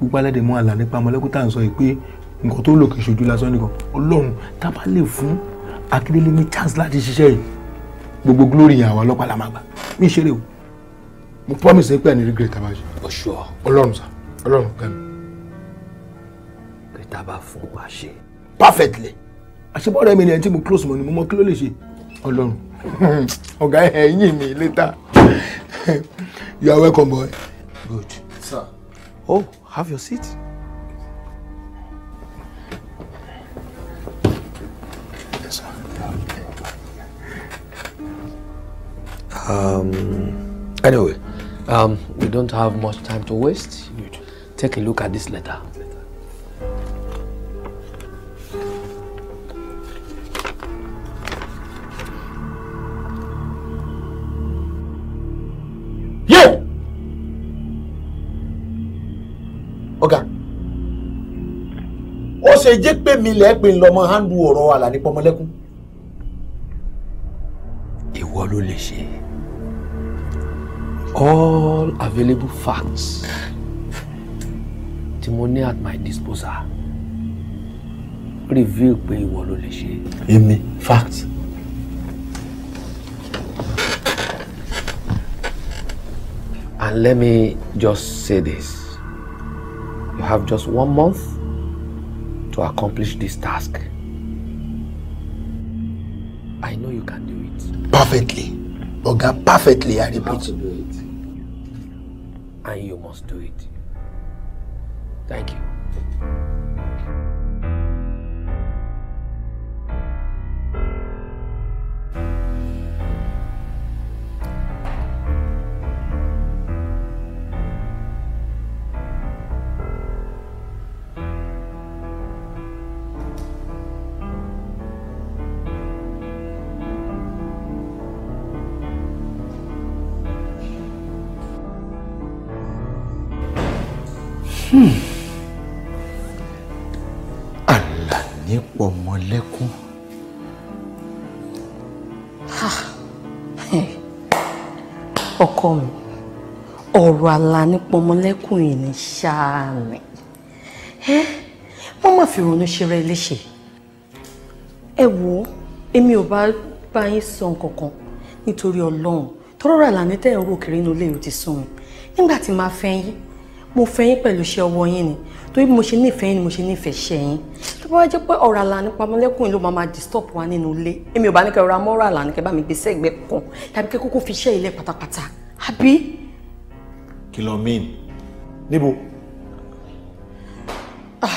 gbogbo alẹ́ dẹ̀ mọ́ Àlàní Pamọ́lẹ́kùn tá à ń sọ yìí pé nǹkan tó lòkè ṣojú lásán nìkan Ọlọ́run tá a bá lè fún Akíndélé ní chance láti ṣiṣẹ́ yìí gbogbo glory yẹn àwọn ọlọ́pàá la máa gbà mí ṣeré o mo promise pé ẹni regret abájọ. ọṣù ọ Ọlọ́run sá. Ọlọ́run kẹmi. kẹta bá fún wa ṣe. perfectly. àṣebọ́ọ̀rẹ́ mi ni ẹni tí mo close mọ́ ni mo mọ kí ló lè ṣe. Ọlọ́run ọ̀gá ẹ̀yìn mi later you are welcome boy. good. sir. oh have your seat. Um, anyway, um, we don't have much time to waste. Take a look at this letter. Yeah! Ọ̀gá, ó ṣe jẹ́ pe mi lẹ́ pé lọ́mọ hándù ọ̀rọ̀ àlàní pọmọlẹ́kún. Ìwọ ló lè ṣe all available facts tí mo ní at my disposal reveal pé ìwọ ló lè ṣe. èmi fact. and let me just say this you have just one month to accomplish this task I know you can do it. perfectly oga perfectly I repeat. and you must do it. Thank you. àlà nípa ọmọlẹ́kùn yìí ní ṣáàmì ẹ wọ́n má fi ronú ṣeré léṣe ẹ wò èmi ò bá bá yín sọ nǹkan nítorí ọlọ́run tọ́rọ̀ àlà ní tẹ́ ẹ̀ ń rò kiri inú ilé yìí ti sùn mí nígbà tí máa fẹ́ yín mo fẹ́ yín pẹ̀lú iṣẹ́ ọwọ́ yín ni torí mo ṣe nífẹ̀ẹ́ yín ni mo ṣe nífẹ̀ẹ́ ṣẹ́ yín tó bá jẹ́ pé ọ̀rọ̀ àlà nípa ọmọlẹ́kùn ló máa disturb wa nínú ilé èmi ò bá ní kẹ́ ọ̀rọ̀ amọ́rọ̀ àlà ní kẹ́ bá mi gbé sẹ́gbẹ́ kan tàbí kẹ́ kókó fi iṣẹ́ ilé pátápátá àbí kí ló mean níbo ah,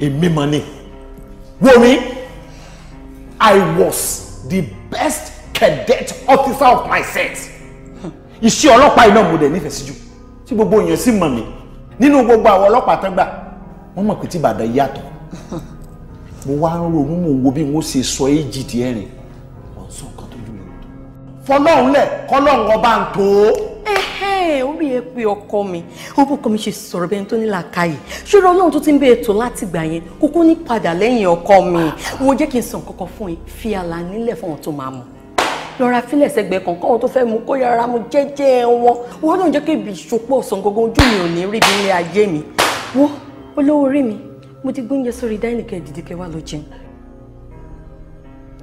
èmi mà ni wo mi I was the best cadet officer of my set iṣẹ́ ọlọ́pàá iná mo dẹ̀ nífẹ̀ẹ́ sí jù tí gbogbo èèyàn sì mọ̀ mí nínú gbogbo àwọn ọlọ́pàá tán gbà wọ́n mọ̀ pé tí Ìbàdàn yàtọ̀ mo wá ń ronú mò ń wo bí wọ́n ṣe sọ èjì díẹ̀ rìn ọ̀sán kan tó jù lọ. fọlọ́run lẹ̀ kọ́lọ́run ọba ń tó ẹ̀ orí ẹ pé ọkọ mi orúkọ ọkọ mi ṣe sọ̀rọ̀ bẹ́ẹ̀ tó ní làákàyè ṣòro ọlọ́run tó ti ń bẹ ètò láti gbà yẹn kókó ní padà lẹ́yìn ọkọ mi mo jẹ́ kí n sàn kankan fún yín fi àlà nílẹ̀ fún wọn tó máa mọ̀ lọ́ra fílẹ̀ sẹ́gbẹ̀ẹ́ kan káwọn tó fẹ́ mú kó yára mu jẹ́jẹ́ wọn wọn náà jẹ́ kébi ìṣopọ̀ ọ̀sán gógó ojú mi ò ní rí bí ilé ayé mi wọ́n olówó orí mi mo ti gbóúnjẹ sórí dáìnì kẹ́ dìde kẹ́ wá lọ jẹun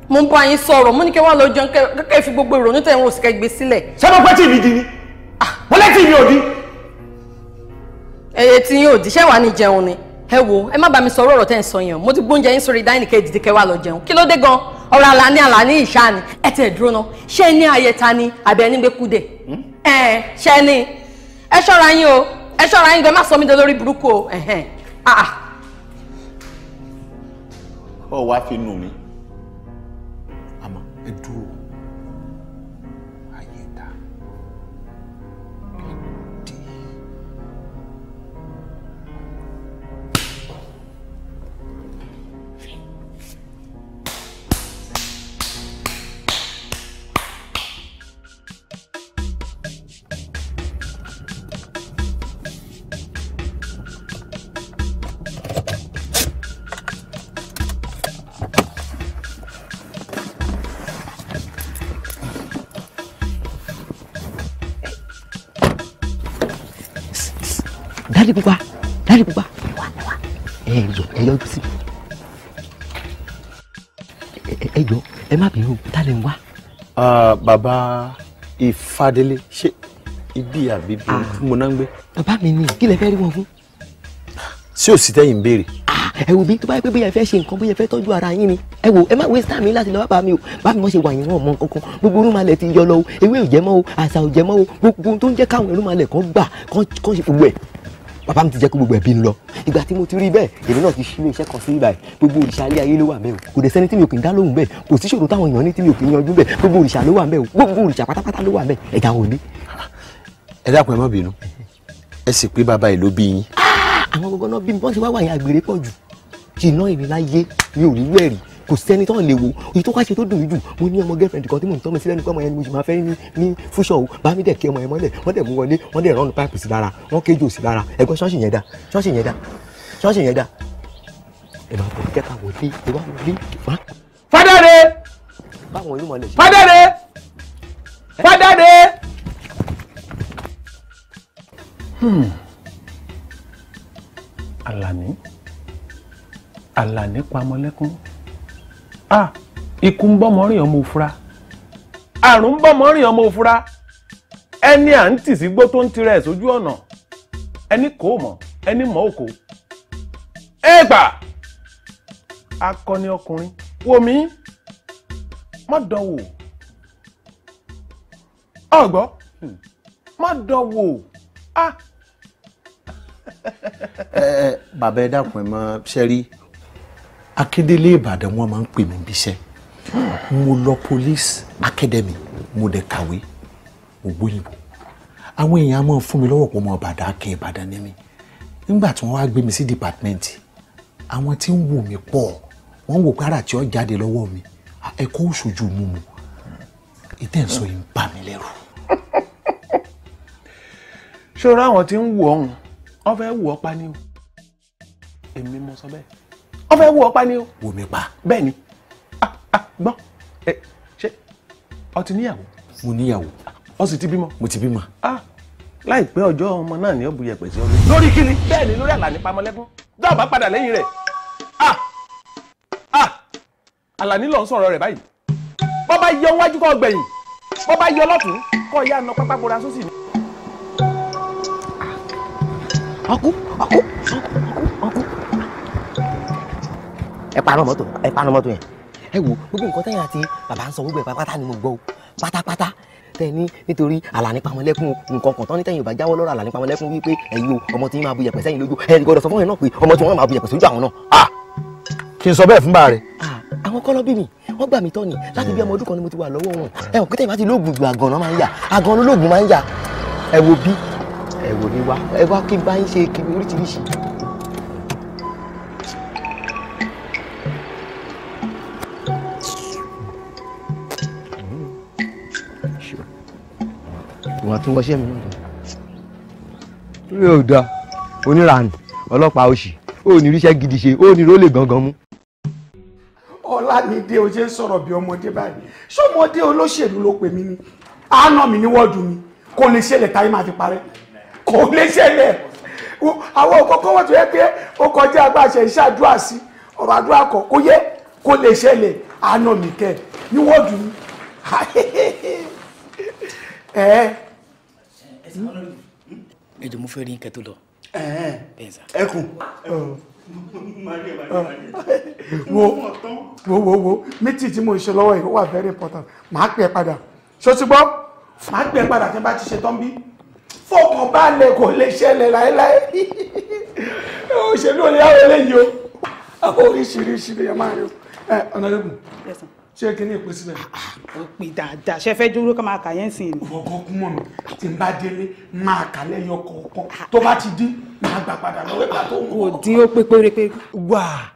mo ń bá yín sọ̀rọ̀ mo ní kẹ́ wá lọ jẹun kẹ́ fi gbogbo ìrònú tẹ̀ ń rò sí kẹ́ gbé sílẹ̀. ṣé mo pẹ́ tí ì Ah, wọ́n létí mi ò di. ẹyẹ tí yín ò di ṣé wàá ní jẹun ni ẹ wo ẹ má bá mi sọ ọ̀rọ̀ tẹ́ ń sọ yẹn mo ti gbóúnjẹ yín sórí dáìnì kejì tí kẹ́ wá lọ jẹun kí ló dé gan ọ̀rọ̀ àlá ní àlá ní ìṣá ni ẹ tẹ̀ dúró ná ṣé ẹ ní ayẹta ni àbí ẹni gbé kúdẹ hmm? ẹ ṣé ẹ ẹ ṣọ́ra yín o ẹ ṣọ́ra yín gan má sọ mí dolórí burúkú o ọ ah, ah. wá fi nù mí àmọ́ ẹ dúró dáàdì pupa dáàdì pupa ẹ jọ ẹ yọ ojú sí ẹ jọ ẹ má bínú ta lè ń wá. bàbá ìfadélé ṣé ibi àbí ah. mo náà ń gbé. bàbá mi ni kí lè fẹ́ rí wọn fún. sí òsì tẹ́yìn ń béèrè. Ah, ẹ wò bí tó bá yẹ pé bóyá ẹ fẹ́ ṣe nǹkan bóyá ẹ fẹ́ tọ́jú ara yín ni ẹ wò ẹ má waste time mi láti lọ bá mi o bá mi mọ̀ ṣe wà yín wọn mọ kankan gbogbo orun malẹ̀ ti yọ lọ o ewé ò jẹ́ mọ́ o àṣà ò o gbogbo ohun tó ń jẹ́ káwọn orun malẹ̀ kan gbà kan ṣe gbogbo Papa, mi ti jẹ́ kó gbogbo ẹ̀bí ń lọ ìgbà tí mo ti rí bẹ́ẹ̀ èmi náà ti ṣí iṣẹ́ kan sí ibà gbogbo òrìṣà ilé ayé ló wà mẹ́wò kò dẹ̀ sẹ́ni tí mi ò kì í dá lóhùn bẹ́ẹ̀ kò sí ṣòro táwọn èèyàn ní tí mi ò kì í yanjú bẹ́ẹ̀ gbogbo òrìṣà ló wà mẹ́wò gbogbo òrìṣà pátápátá ló wà mẹ́ ẹ̀dá wò bí. ẹ dákun ẹ má bínú ẹ sì pé bàbá ẹ ló bí yín. Ah, àwọn gbogbo náà bí bọ́sẹ̀ wá wà yẹn àgbèrè pọ̀ jù jìnnà kò sẹ́ni tó lè wo èyí tó wá ṣe tó dùn mí jù mo ní ọmọ girlfriend kan tí mò ń tọ́mọ sílẹ̀ nípa ọmọ yẹn ni mo sì máa fẹ́ ní ní fúṣọ̀ o bá mi dẹ̀ kí ọmọ yẹn mọ́lẹ̀ wọ́n dẹ̀ mú wọlé wọ́n dẹ̀ rán páìpù sí lára wọ́n kéjò sí lára ẹ̀gbọ́n ṣọ́ọ̀ṣì yẹn dá ṣọ́ọ̀ṣì yẹn dá ṣọ́ọ̀ṣì yẹn dá ẹ̀ máa bọ̀ jẹ́ ká wọlé ẹ wá wọlé má. fádàdé báwọn olúmọ lè ṣe. fádàdé fádàdé. Àlàní Àlàní pamọ́ lẹ́kún ah ikú ń bọ́mọ rìn ọmọ òfura àrùn ń bọ́mọ rìn ọmọ òfura ẹni à ń tì sí gbó tó ń tirẹ̀ sójú ọ̀nà ẹni kò mọ̀ ẹni mọ̀ òkò ẹ gbà akọni ọkùnrin wò mí má dánwò ah. ẹ ẹ bàbá ẹ dákun ẹ mọ ṣẹ́rí akédélé ìbàdàn wọn máa ń pè mí bíṣẹ́ mo lọ police academy mo dẹ̀ kàwé mo gbóyìnbó àwọn èèyàn máa ń fún mi lọ́wọ́ pọ̀ mọ́ ìbàdàn akin ìbàdàn ní mi nígbà tí wọ́n wá gbé mi sí dìpàtmẹ́ǹtì àwọn tí ń wù mí pọ̀ wọ́n wò kára tí ó jáde lọ́wọ́ mi ẹ̀kọ́ òṣojú mú mu ìtẹ̀ ń sọ yìí ń bà mí lẹ́rù. ṣòro àwọn tí ń wù ọ́hún wọ́n fẹ́ wù ọ́ pa ni o èmi mo sọ bẹ́ẹ̀ ọ fẹ́ wú ọpá ni o. wò mí pa. bẹ́ẹ̀ ni ah, ah, gbọ́n ẹ ṣe ọ ti níyàwó. mo níyàwó. ọ sì ti bímọ. mo ti bímọ. Ah, láìpẹ́ ọjọ́ ọmọ náà ni ó bu yẹpẹ̀ sí ọdún. lórí kíni bẹ́ẹ̀ ni lórí àlàní pamọ́lẹ́kún dábàá padà lẹ́yìn rẹ̀ àlàní ló ń sọ̀rọ̀ rẹ̀ báyìí bọ́ bá yọ wájú kọ́ gbẹ̀yìn bọ́ bá yọ lọ́tún kọ́ ya nà pápá sósì ni. ọkú ọkú ọkú ẹ paná mọ́tò ẹ paná mọ́tò yẹn ẹ wo gbogbo nǹkan tẹ̀yìn àti bàbá ń sọ gbogbo ẹ̀ pátá ni mo gbọ́ pátápátá tẹni nítorí Àlàní Pamọ́lẹ́kún nǹkan kan tán ní tẹ̀yìn ò bá jáwọ́ lọ́rọ̀ Àlàní Pamọ́lẹ́kún wípé ẹ̀yin o ọmọ tí yín máa bu yẹ̀pẹ̀ sẹ́yìn lójú ẹ gbọ́dọ̀ sọ fún yẹn náà pé ọmọ tí wọ́n máa bu yẹ̀pẹ̀ sójú àwọn náà. kí n sọ bẹ́ẹ̀ fún bàá rẹ̀. àwọn kọ́lọ́ bí mi wọ́n gbà mí tọ́ ni láti bí ọmọ ọdún kan ni mo ti wà lọ́wọ́ wọn ẹ ò kíntẹ́yìn bá ti lóògùn ju àgàn náà máa ń yà àgàn olóògùn máa ń yà ẹ wo bí ẹ wo ni wá ẹ wá kí n bá yín ṣe kiri oríṣiríṣi ìwà tó wọṣẹ́ mi náà. mi ò da oníranù ọlọ́pàá òṣì ó ní ríṣẹ́ gidi ṣe ó ní rólè gangan mú. ọlánidé o ṣe ń sọ̀rọ̀ bí ọmọdé báyìí ṣọmọdé olóṣèlú ló pè mí ni àánà mi ní wọ́ọ̀dù mi kò lè ṣẹlẹ̀ táyé máa fi parẹ́ kò lè ṣẹlẹ̀ àwọn kókó wọn tó yẹ pé ó kọjá agbáṣẹ iṣẹ́ àdúrà sí ọ̀rọ̀ àdúrà kọ̀ kó yẹ kó lè ṣẹlẹ̀ àánà mi kẹ́ ní wọ́ọ̀dù mi. ẹ Hmm? ẹ jọ mo fẹ́ rí nǹkan tó lọ. Eh, eh. ẹkùn oh. oh. wo wo wo wo mítì tí mo ń ṣe lọ́wọ́ yìí ó wà very important màá pẹ́ padà ṣọtí gbọ́ màá pẹ́ padà tí n bá ti ṣe tán bí fọkàn balẹ̀ kò lè ṣẹlẹ̀ láéláé òṣèlú olè àwọn eléyìí o àwọn oríṣiríṣi lè máa rí o ọ̀nà eh, lẹ́gùn ṣé kí ni ìpín sílẹ̀. Ah, ah, ó pin dáadáa ṣe fẹ́ dúró ká máa kà yẹn sìn ni. ọgọ kún mọ̀ mi tí n bá délé máa kà lẹ́yọ kọ̀ọ̀kan ah. tó bá ti dín máa gbà padà lọ́wọ́ ìgbà tó mọ̀. kò dín ó pé pérépé. wà á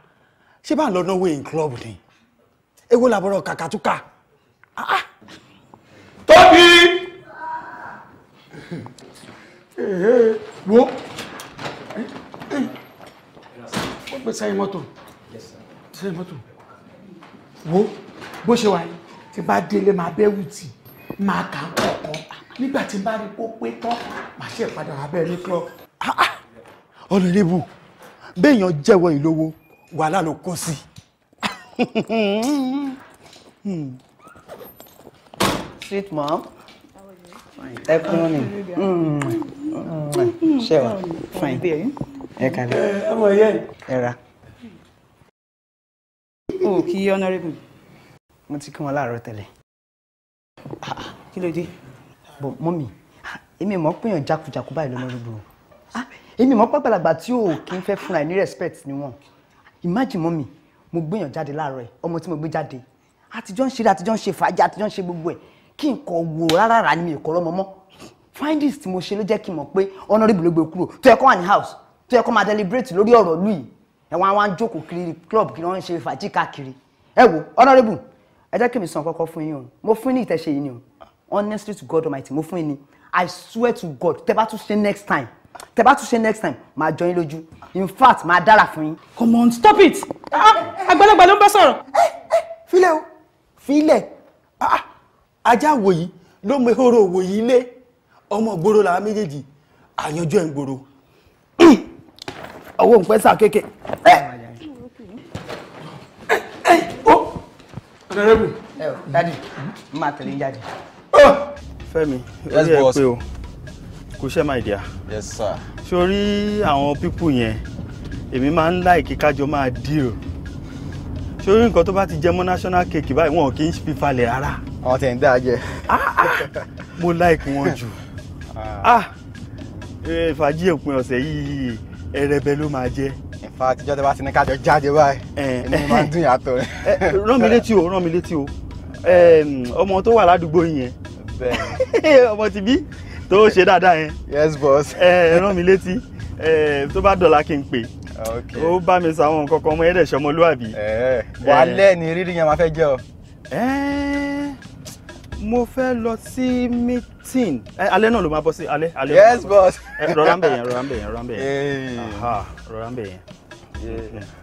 ṣé bá ń lọ náwó in club ni ewo làbọ̀rọ̀ kàkàtúkà. tóbi wo ó gbé sẹ́yìn mọ́tò wo bó ṣe wà yìí tí bá délé máa bẹ́wù tì máa kà ń kọ̀ọ̀kan nígbà tí bá rí kó pé tán màá ṣe ìpadà wà bẹ́ẹ̀ ní club. ọ̀nàdébù ah, ah, béèyàn jẹ́wọ́ ìlówó wàhálà ló kó sí. sweet mom ẹ kún ní ṣe fine ẹ kàlẹ́ ẹ ra. o mm, kì í honourable mo ti kí wọn láàárọ̀ tẹ́lẹ̀ ah, kí ló dé bọ̀ mọ́mì ah, èmi mọ̀ pé èèyàn jákujàku báyìí lọ́mọ rúgbò ah, èmi mọ̀ pàgbàlagbà tí ò kí n fẹ́ fúnra ẹ̀ ní respect ni wọ́n imagine mọ́mì mo gbéyàn jáde láàárọ̀ ẹ̀ ọmọ tí mo gbé jáde àtijọ́ ń ṣeré àtijọ́ ń ṣe fàájì àtijọ́ ń ṣe gbogbo ẹ̀ kí n kọ̀ wò rárá rà ní mi ìkọ̀ lọ́mọ mọ́ findings tí mo ṣe ló jẹ́ kí n mọ̀ pé honourable ló gbé kúrò tó yẹ kó wà ní house tó yẹ kó máa deliberate lórí ọ̀rọ̀ lùyìí ẹ̀wọ̀n àwọn àjókòó kiri club kí wọ́n ń ṣe fàájì káàkiri ẹ wo honourable ẹ jẹ́ kí mi sàn kọ́kọ́ fún yín o mo fún ní ìtẹ̀ṣe yìí ni o honestly to God Almighty mo fún yín ni I swear to God tẹ bá tún ṣe next time tẹ bá tún ṣe next time màá jọ yín lójú in fact màá dára fún yín. come on stop it ah, àgbàlagbà ló ń bá sọ̀rọ̀. filẹ̀ o filẹ̀ ah, ajá wòyí ló mọ ehoro wòyí lé ọmọ gbòòrò làwọn méjèèjì àyànjọ ẹ̀ ń gbòòrò ọwọ́ ń pẹ́ sà kéèké. Eh! ọ̀nàrẹ́bù. ẹ o dadi n máa tẹ̀lé jáde. Oh! fẹ́mi orí ẹ pé o kò ṣe máa dìá. yes sir. sórí àwọn pípù yẹn èmi máa ń láìkí kájọ máa deal sórí nǹkan tó bá ti jẹ mọ́ national cake báyìí wọn kì í fi falẹ̀ rárá. àwọn tẹ̀ ń dá a jẹ. Ah, ah! mo láìkí wọn jù ah. Eh, fàájì òpin ọ̀sẹ̀ yìí ẹrẹbẹ ló máa jẹ́ in fact ìjọba bá ti ní kájọ jáde báyìí ẹni eh, mo máa ń dùn yàtọ̀ rẹ. Eh, eh, rán mi létí o rán mi létí o ọmọ tó wà ládùúgbò yìí yẹn ọmọ ti bí tó ṣe dáadáa yẹn yes boss rán mi létí tó bá dọ̀la kí n pè ó bá mi sọ àwọn nǹkan kan ọmọ yẹn dẹ̀ ṣọmọlúwàbí. wàá lẹ́ẹ̀ni rírì yẹn máa fẹ́ jẹ́ o mo fẹ́ lọ sí meeting alẹ́ náà ló máa bọ́ sí alẹ́ alẹ́ yes boss rọra ń bẹ̀ yẹn rọra ń bẹ̀ yẹn rọra ń bẹ̀ yẹn eh. rọra ń bẹ̀ yẹn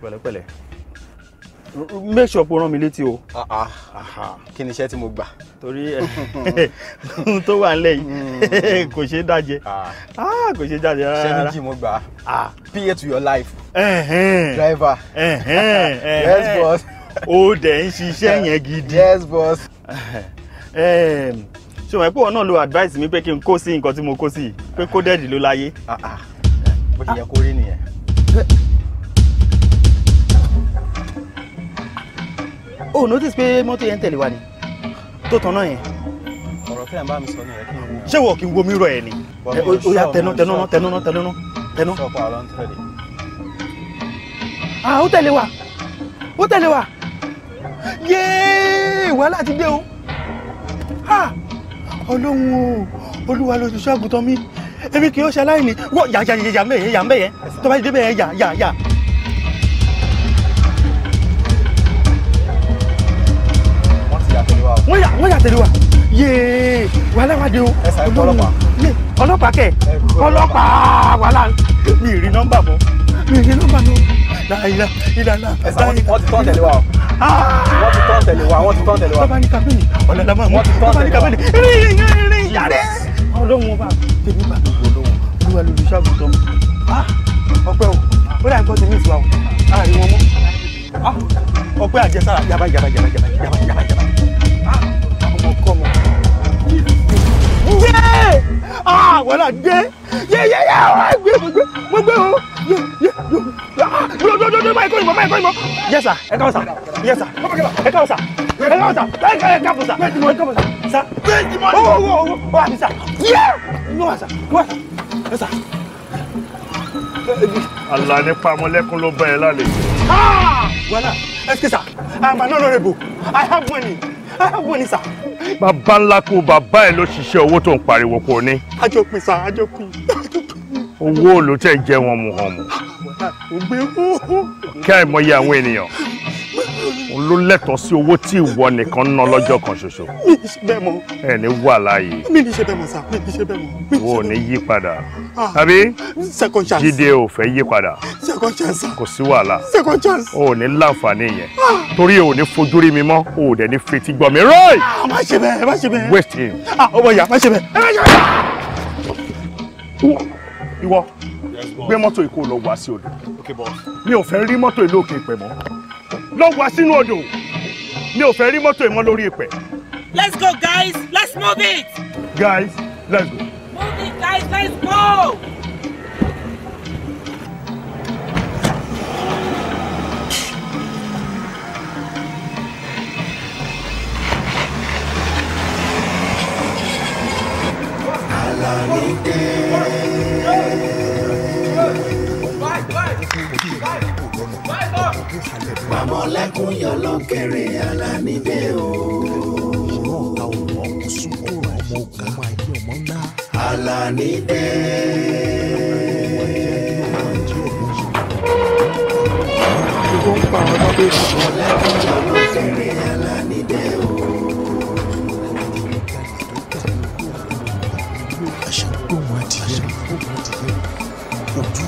pẹ̀lẹ́pẹ̀lẹ́ make sure pé o rán mi létí o. Ah, ah. kí ni iṣẹ́ tí mo gbà. torí ohun tó wà nílẹ̀ yìí hmm. kò ṣeé dájẹ́ ah. kò ṣeé dájẹ́ rárá. iṣẹ́ méjì mo gbà pa to your life. driver yes boss. o dẹ̀ ń ṣiṣẹ́ yẹn gidi. yes boss ṣé o mọ̀ pé wọn náà lo advice mi pé kí n kó sí nǹkan tí mo kó sí pé kó dẹ́ẹ̀dì ló láyé. Ah, ah. bó ṣe yẹ kó rí nìyẹn. o notice pé mọ́tò yẹn ń tẹ̀lé wa ni tó tanná yẹn. ọ̀rọ̀ kí n bá mi sọ nìyẹn kí n wo. ṣé wọ́n kì í wo mi rọ ẹ̀ ni. ó yá tẹnu tẹnu ná tẹnu ná tẹnu ná tẹnu. sọ̀kọ̀ àlọ́ tẹ̀lé. wa ó tẹ̀lé wa yéé wàhálà ti dé o. Ah! ọlọ́run o olúwa lójú ṣọ́ọ̀bù tán mi èmi kì í ṣe aláìní wọ́n yà yà yà mẹ́yẹ yà mẹ́yẹ tó bá dé bẹ́ẹ̀ yà yà yà. wọ́n yà wọ́n yà tẹ̀lé wa yéé wàhálà wà dé o olóhùn ọlọ́pàá kẹ̀ ọlọ́pàá wàhálà mi ì rí nọ́mbà mọ́ mi ì rí nọ́mbà mọ́ ìlà ìlà ìlà. ẹ̀sán wọ́n ti tán tẹ̀lé wa o. wọ́n ti tán tẹ̀lé wa wọ́n ti tán tẹ̀lé wa. bàbá ní kàmínì ọ̀là la máa mú bàbá ní kàmínì rìn rìn rìn yàrá. ọlọ́run ọba tèmi bá mi wò lóhùn olúwa lolùṣàgùn tán mi. ọpẹ́ o ó dà ń gbọ́ tèmi ìfúwa o àárín wọn mọ́. ọpẹ́ àjẹsára yaba yaba yaba yaba yaba yaba yaba. ọmọ kọ́ mọ́. yé àwọn àgbẹ̀ yé yé yé àwọn àgbẹ̀ mo gbé mo gbé o yóò yóò yóò yóò yóò máa kọ́ ìmọ̀ máa kọ́ ìmọ̀. yẹ sà ẹ káwọ́ sà yẹ sà ẹ káwọ́ sà ẹ káwọ́ sà ẹ káwọ́ sà ẹ káwọ́ sà sà owó owó owó owó àbí sà yẹ níwà sà níwà sà ẹ sà. Àlàní pamọ́lẹ́kún ló bá ẹ lálẹ́. wàhálà ẹsikẹ sà I'm an honourable I have money I have money sà. bàbá ńlá kó bàbá ẹ ló ṣiṣẹ́ owó tó ń pariwo kò ní. àjọpin owó ló tẹ̀ jẹ́ wọn mu hàn mu kí àìmọye àwọn ènìyàn òun ló lẹ́tọ̀ọ́ sí owó tí ìwọ nìkan ná lọ́jọ́ kan ṣoṣo. mi ní ṣe bẹ́ẹ̀ mọ́. ẹ ní wà láàyè. mi ní ṣe bẹ́ẹ̀ mọ́ sá mi ní ṣe bẹ́ẹ̀ mọ́. wo ní yí padà. tàbí ah, second chance. jíde ò fẹ́ yí padà. second chance. kò sí wàhálà. second chance. o ò ní láǹfààní yẹn. Ah. torí o ò ní fojú rí mi mọ́ o ò dẹ̀ ní fetí gbọ́ mi. rọ́ì. Ah, má ṣe bẹ́ẹ̀ má ṣe bẹ́ẹ̀. waste him. ọmọ ìyá má ṣe bẹ́ẹ̀ ìwọ gbé mọ́tò yìí lọ wá sí odò mi ò fẹ́ rí mọ́tò yìí lókè ìpẹ́ mọ́ lọ wá sínú odò mi ò fẹ́ rí mọ́tò yìí lórí ìpẹ́. let's go guys let's move it. guys let's go. move it guys let's go. Mamọ̀lẹ́kùn yọ lọ́kẹ̀rẹ̀ Alánidé o. Alánidé. Mamọ̀lẹ́kùn yọ lọ́kẹ̀rẹ̀ Alánidé o.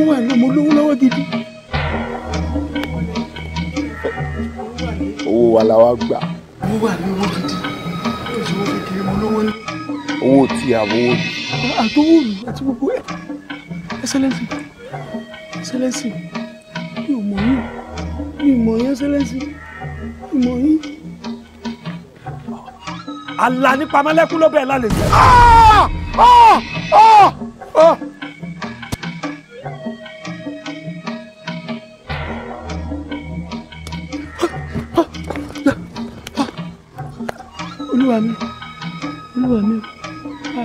owó wà ní mo lówó lọ́wọ́ gidi. owó wa la wá gbà. owó wà ní owó gidi ìṣòwò kékeré mo lówó ní. owó tí àbówó. àtọwọ́ mi àti gbogbo ẹ̀ ẹsẹlẹsì ẹsẹlẹsì mi ò mọ̀ yín mi mọ̀ yín ẹsẹlẹsì mi mọ̀ yín. àlà nípa ló bẹ̀ lálejò. olúwa mi olúwa mi o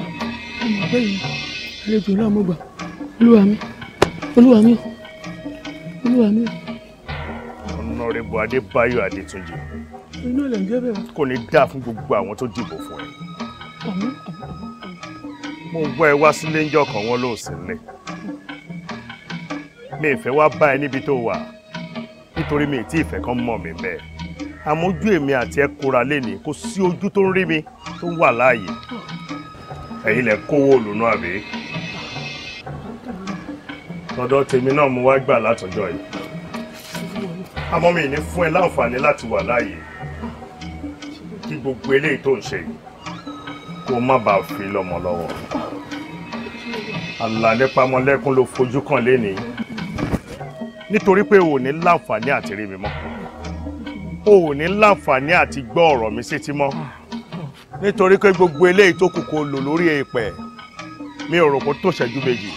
ọmọ ọgbẹ́ yìí àlejò náà mo gbà olúwa mi olúwa mi o olúwa mi o. ọ̀nàrẹ́bù adébáyọ̀ adétúnjì inú ilẹ̀ ń jẹ́ bẹ́ẹ̀. kò ní dáa fún gbogbo àwọn tó dìbò fún ẹ. mo gbọ́ ẹ wá sílé ń jọkàn wọn ló sì lẹ̀. mi ì fẹ́ wá bá ẹ níbi tó wà nítorí mi ì tí ì fẹ́ kán mọ̀ mi bẹ́ẹ̀ àmójú èmi àti ẹ kóra lénìí kò sí ojú tó ń rí mi tó ń wà láàyè ẹ̀yin lẹ kówó lónà àbí lọ́dọ̀ tèmi náà mo wá gbà látọjọ́ yìí àmọ́ mi ní fún ẹ láǹfààní láti wà láàyè kí gbogbo eléyìí tó ń ṣe yìí kó má bàa fi lọ́mọ lọ́wọ́ àlàdé pamọ́lẹ́kún ló fojú kàn lénìí nítorí pé o ò ní láǹfààní àti rí mi mọ́ o ò ní láǹfààní àti gbọ́ ọ̀rọ̀ mi sétí mọ́ ah. nítorí pé gbogbo eléyìí tó kù kó lò lórí èèpẹ̀ mi ò rò kó tó ṣẹ́jú méjì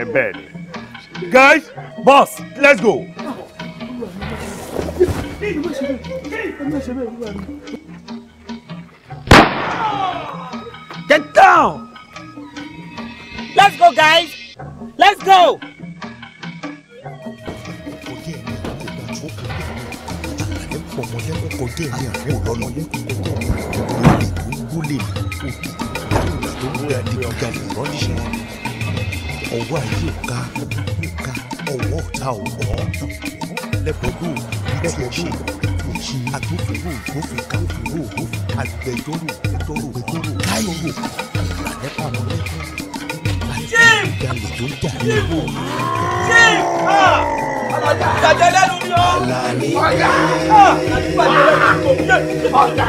ẹ bẹ́ẹ̀ ni. guys boss let's go. get down let's go guys let's go. ọ̀pọ̀ mọ̀lẹ́kùn kọjá ọwọ́ ayé òka òka ọwọ́ ọ̀tá ọ̀gbọ́ lẹ́bọ̀dọ̀ lẹ́bọ̀dọ̀ òṣì agbófinró ògbófin káfíńró agbẹjọ́rò ẹjọ́rò ẹjọ́rò káyọ̀rò ìgbàlẹ́ pàmò lẹ́kùn àti ìgbàlè tó ń jà ní ìwọ̀ Yeah, yeah, ni ó. Ọ̀gá. Bàjẹ́ lẹ́nu ni ó. Ọ̀gá.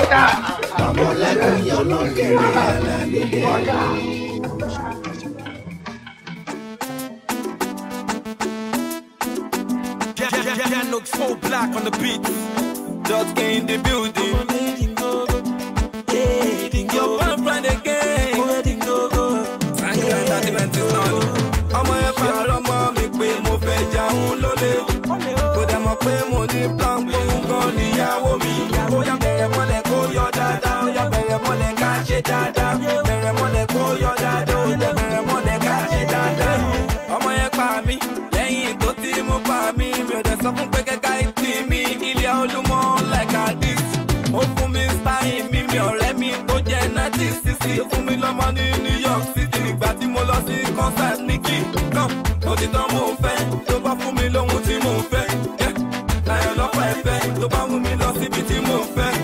Ọ̀gá. Ọmọ lẹ́nu ni ọlọ́gẹ̀rẹ̀ Àlàní dé. Ọ̀gá. Jan looks so black on the beat. Just in the building. Yeah, your pé mo ní plan pé nǹkan níyàwó mi. Ó yá bẹ̀rẹ̀ mọ́lẹ̀ kó yọ dáadáa. Ó yá bẹ̀rẹ̀ mọ́lẹ̀ ká ṣe dáadáa. Bẹ̀rẹ̀ mọ́lẹ̀ kó yọ dáadáa. Ó yá bẹ̀rẹ̀ mọ́lẹ̀ ká ṣe dáadáa. Ọmọ yẹn pa mí lẹ́yìn tó ti mo pa mí. Mi ò dẹ̀ sọ fún pé kẹ́kẹ́ ìtì mi. Ilé olúmọ like a dis. Ó fún mi sáyìn mi mi ọ̀rẹ́ mi tó jẹ́ náàtì sísì. Ó fún mi lọ́mọ ní New York City. Ìgbà tí mo lọ sí concert ní Kingdom, ti tán níbi tí mo fẹ́.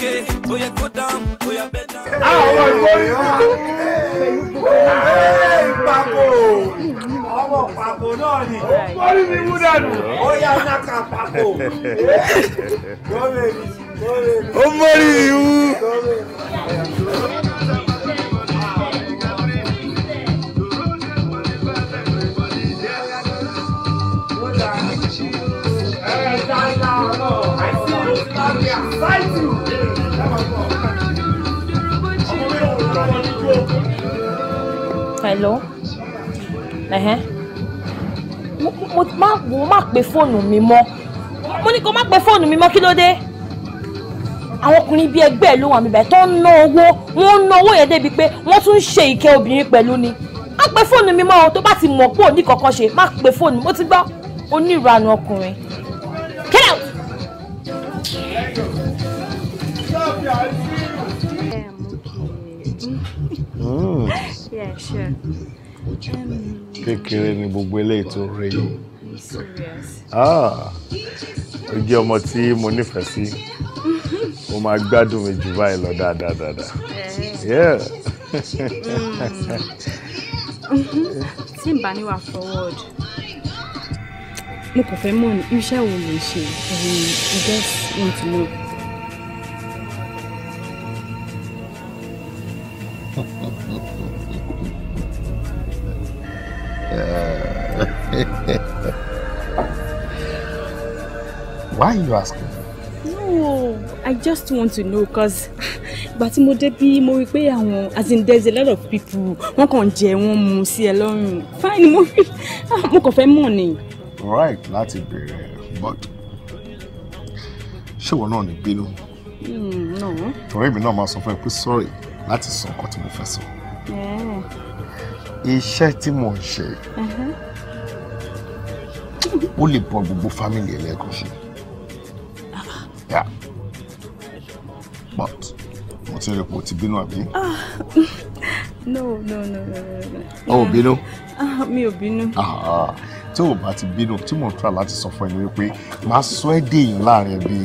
Eh, eh, eh, mọ́lẹ̀ àwọn ìwọ́rí ìpapò ọwọ́ papò náà ni orí mi wú dànù ó yá náà kà papò ó mórí. mo má mo má pe fóònù mi mọ́ mo ní kó má pe fóònù mi mọ́ kí ló dé àwọn ọkùnrin bíi ẹgbẹ́ ló wà mí báyìí tó ń ná owó wọ́n ń ná owó yẹn débi pé wọ́n tún ń ṣe ìkẹ́ obìnrin pẹ̀lú ni má pe fóònù mi mọ́ o tó bá ti mọ̀ pé òní kankan ṣe má pe fóònù mo ti gbọ́ onírànù ọkùnrin get out. Hmm. yeah, sure. kékeré ni gbogbo eléyìí tó rẹ yìí two years. ah o jẹ́ ọmọ tí mo nífẹ̀ẹ́ sí o máa gbádùn mi jù báyìí lọ dáadáa dáadáa. yeah. tí n bá ní wà forward mo kàn fẹ́ mọ̀ ní iṣẹ́ wo lè ṣe ẹ̀yìn just want to know. Yeah. Why are you asking? No, I just want to know cause but mo dé bí mo rí pé àwọn as in there's a lot of people wọ́n kàn jẹ wọ́n mu sí ẹ fine mo rí ah, mo kàn fẹ́ mọ̀ ni. Right láti bẹ̀rẹ̀ but she won't know ní bínú. Hmm, no. For náà máa sọ fún ẹ pé sorry láti sọ nǹkan tí mo fẹ́ sọ. Eh. Iṣẹ́ tí mo ń ṣe uh-huh. ó lè bọ gbogbo fámìlì ẹlẹ́kọ̀ọ́ ṣe. ṣe rẹ̀ pọ̀ ti bínú àbí. Ah, no no no no no. o ò bínú. Ah, mi ò bínú. Ah, tí o bá ti bínú tí mò ń tura láti sọ fún ẹ ni wípé màá sọ ẹ́ dèèyàn láàrin ẹbí.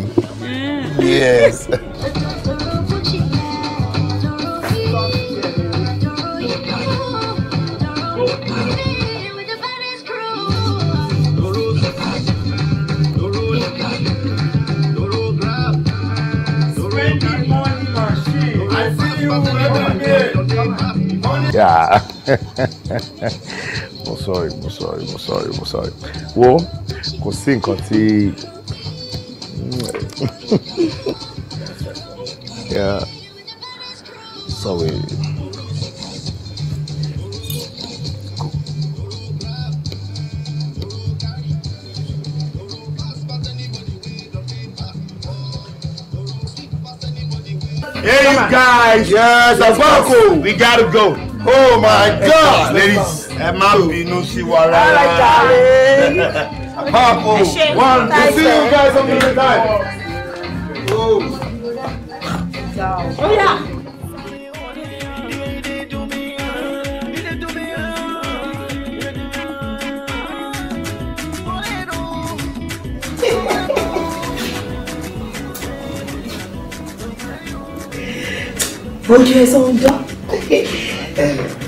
Mm. yes. yeah. mo sorry mo sorry mo sorry mo sorry wo kò sí nǹkan tí yeah sorry. Hey, you guys. Yes, let's We gotta go oh my god ladies ẹ má bínú sí wa rárá papo oh, one two three. you guys on the time. Oh. Oh, yeah. Ojú ń dán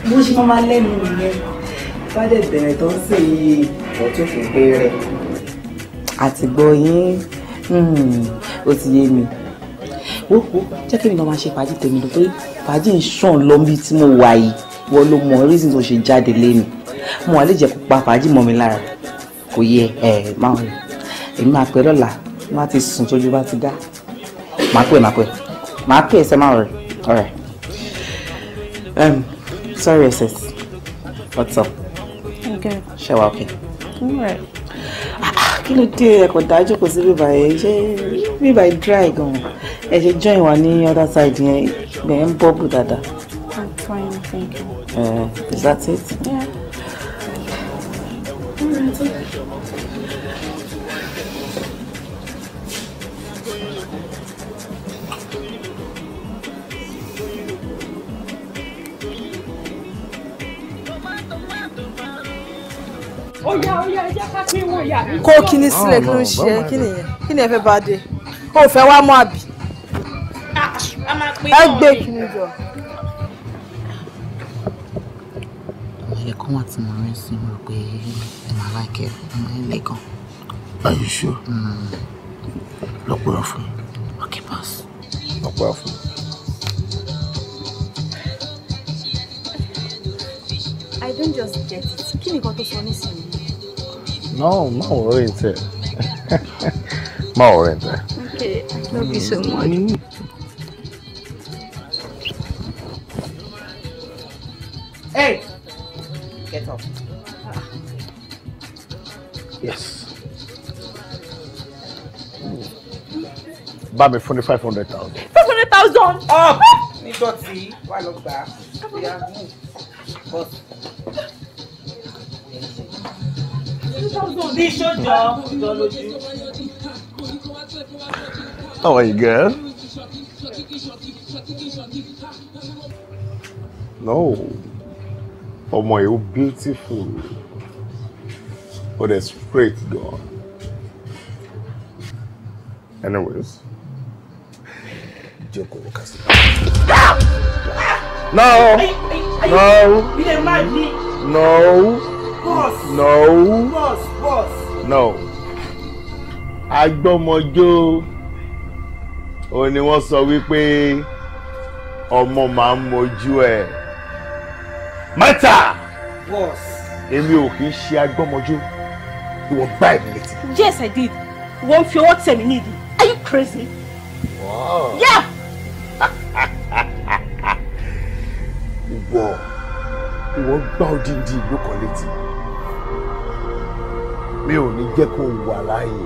bó ṣe máa lẹ́nu nìyẹn fádẹ̀ bẹ̀rẹ̀ tó ń sè yìí wọ́n tún fi pé rẹ̀. àtìgbọ́ yín hmm, ó ti yé mi wo wo jẹ́ kí mi náà máa ṣe fàájì tèmi lọ torí fàájì ń sàn lọ́nbí tí mo wà yìí wọ́n ló mọ reason tó ṣe jáde lẹ́nu mo wà lè jẹ́ kó pa fàájì mọ́ mi lára kò yẹ ẹ máa rìn èmi máa pẹ́ lọ́la wọ́n ti sùn tójú bá ti dá máa pẹ́ máa pẹ́ máa pẹ́ ẹsẹ̀ máa rẹ̀ ọ̀rẹ́. Sorry, sis. What's up? Okay. good. Ṣé wà okay? I'm right. Ah, kí ló dé ẹ kò dájú kò sí bíbá yẹn? Ṣé bíbá yẹn dry gan-an? Ẹ ṣe join wa ní other side yẹn, ibẹ̀ yẹn ń bọ́ọ̀bù dáadáa. I'm fine, thank you. Uh, is that it? Yeah. ọ̀yà ọ̀yà ẹ̀jẹ̀ ká pé wọn ìyá mi. kó kíní sílẹ̀ kí ló ń ṣe ah, kí nìyẹn kí ni ẹ fẹ́ bá dé kó o fẹ́ wá mọ́ àbí. Ah, ẹ gbé kíní jọ. ilé kan wà tí mo rí sí mo rò pé ẹ máa láìkẹ́ ilé kan. Are you sure? Hmm. lọ́pọ̀ ọ̀fun. Okay, boss. lọ́pọ̀ ọ̀fun. I don't just get it. Kí ni nǹkan tó sọ nísìnyí? No, no worries. no worries. Okay, love you so much. Mm-hmm. Hey! Get up. Yes. Bá mi fún ní five hundred thousand. Five hundred thousand. Ní dọ̀tí wà lọ́gbà. Bishop Joe. How are you, girl? No. Oh my, you beautiful. but it's straight gan. Anyways. Jókòó ó kásí. Ah! No! No! No! Boss. No. Boss, boss. No. Agbọ́mọjó o ni wọ́n sọ wípé ọmọ máa ń mojú ẹ̀. Mẹ́ta. Boss. Èmi ò kì í ṣe agbọ́mọjó. Ìwọ gbá ẹ̀mí létí. Yes, I did. Wọ́n fi ọwọ́ tẹ̀ mí nídìí. Are you crazy? Wow. Yeah. Ìwọ ìwọ gbá odindi ìlú kan létí mi ò ní jẹ́ kó wà láàyè.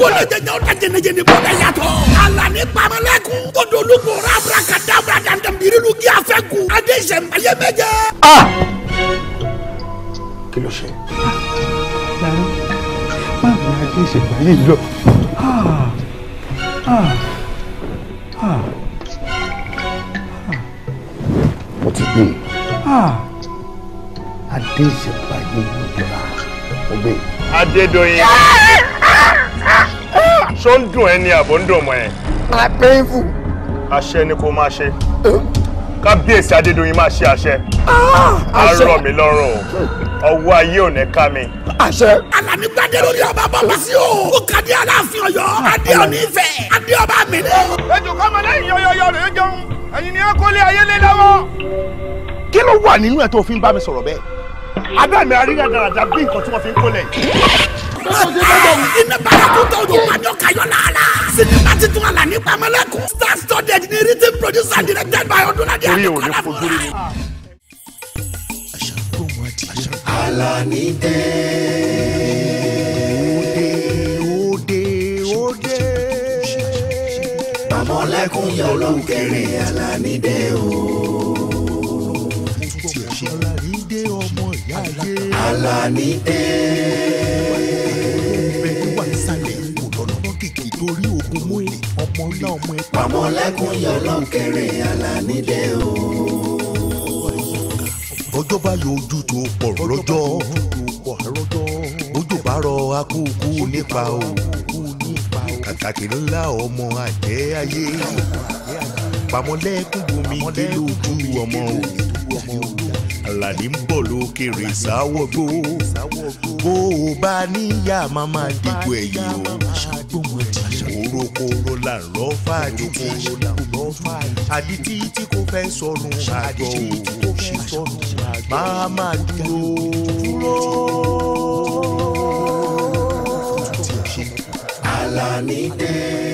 bódejẹjẹ ọ̀dajẹnẹjẹnẹ bóde yàtọ̀. alani pamẹ́lẹ́kùn kodolugbo rabra kadabra dandambirilu kí a fẹ́ kun. adé ìṣẹ̀mbáyé méje. a kí ló ṣe. yàrá máa mi adé ìṣẹ̀mbáyé lọ. mo ti gbé adé ìṣẹ̀mbáyé lọ jọra ọbẹ̀. adédọ̀yìn. Ah! ṣó ń dùn ẹ ní àbọ̀ ń dùn ọmọ ẹ. a painful. àṣẹ ni kò máa ṣe kábíyèsí adédọyìn máa ṣe àṣẹ á ah, rọ̀ mí lọ́rùn o ọwọ́ ayé ò ní ká mi. àṣẹ. alani gbadé lórí ọba bàbá sí o kò kàdé aláàfin Ọ̀yọ́ adé òní ìfẹ́ adé ọba mi ni. ètò kọ́mọlẹ́yìn yọyọyọ rẹ̀ jẹun ẹ̀yin ni ẹ kó lé ayé lé lọ́wọ́. kí ló wà nínú ẹ̀ tó fi ń bá mi sọ̀rọ̀ bẹ́ẹ̀ abẹ́ mi arí dáradára bí nǹkan tí iná bàrà tó tọ̀ ojú pàjọ kayọ̀ lára. sinimá ti tún àlàní pamẹ́lẹ́kùn. star study engineer written produced directed by ọdúnládé àdìkọ́lá fúnra. Àlàní dé. dé ó dé ó pamọ́lẹ́kùn yọ lókèrè Àlàní dé o. dé ọmọ ìyá yé. dé orí ògùn mólè ọmọ ńlá ọmọ ẹ̀pà. pàmòlẹ́kùn yọ lọ́kẹ̀rẹ̀ alánidé o. ọjọ́ bá yọ ojú tó pọ̀ lọ́jọ́ ojú bá rọ akókó nípa o kàkàkì ńlá ọmọ àjẹ́ ayé pàmòlẹ́kùn bomi dé lójú ọmọ o àlàní ń bọ̀ lókèrè sáwọ́gbó bó o bá níyà máa máa dìbò ẹ̀yìn o. La làárọ̀ fàájì àdìtí tí kò fẹ́ sọnù àgbọ̀ òṣì sọnù máa máa dúró. Alani dé.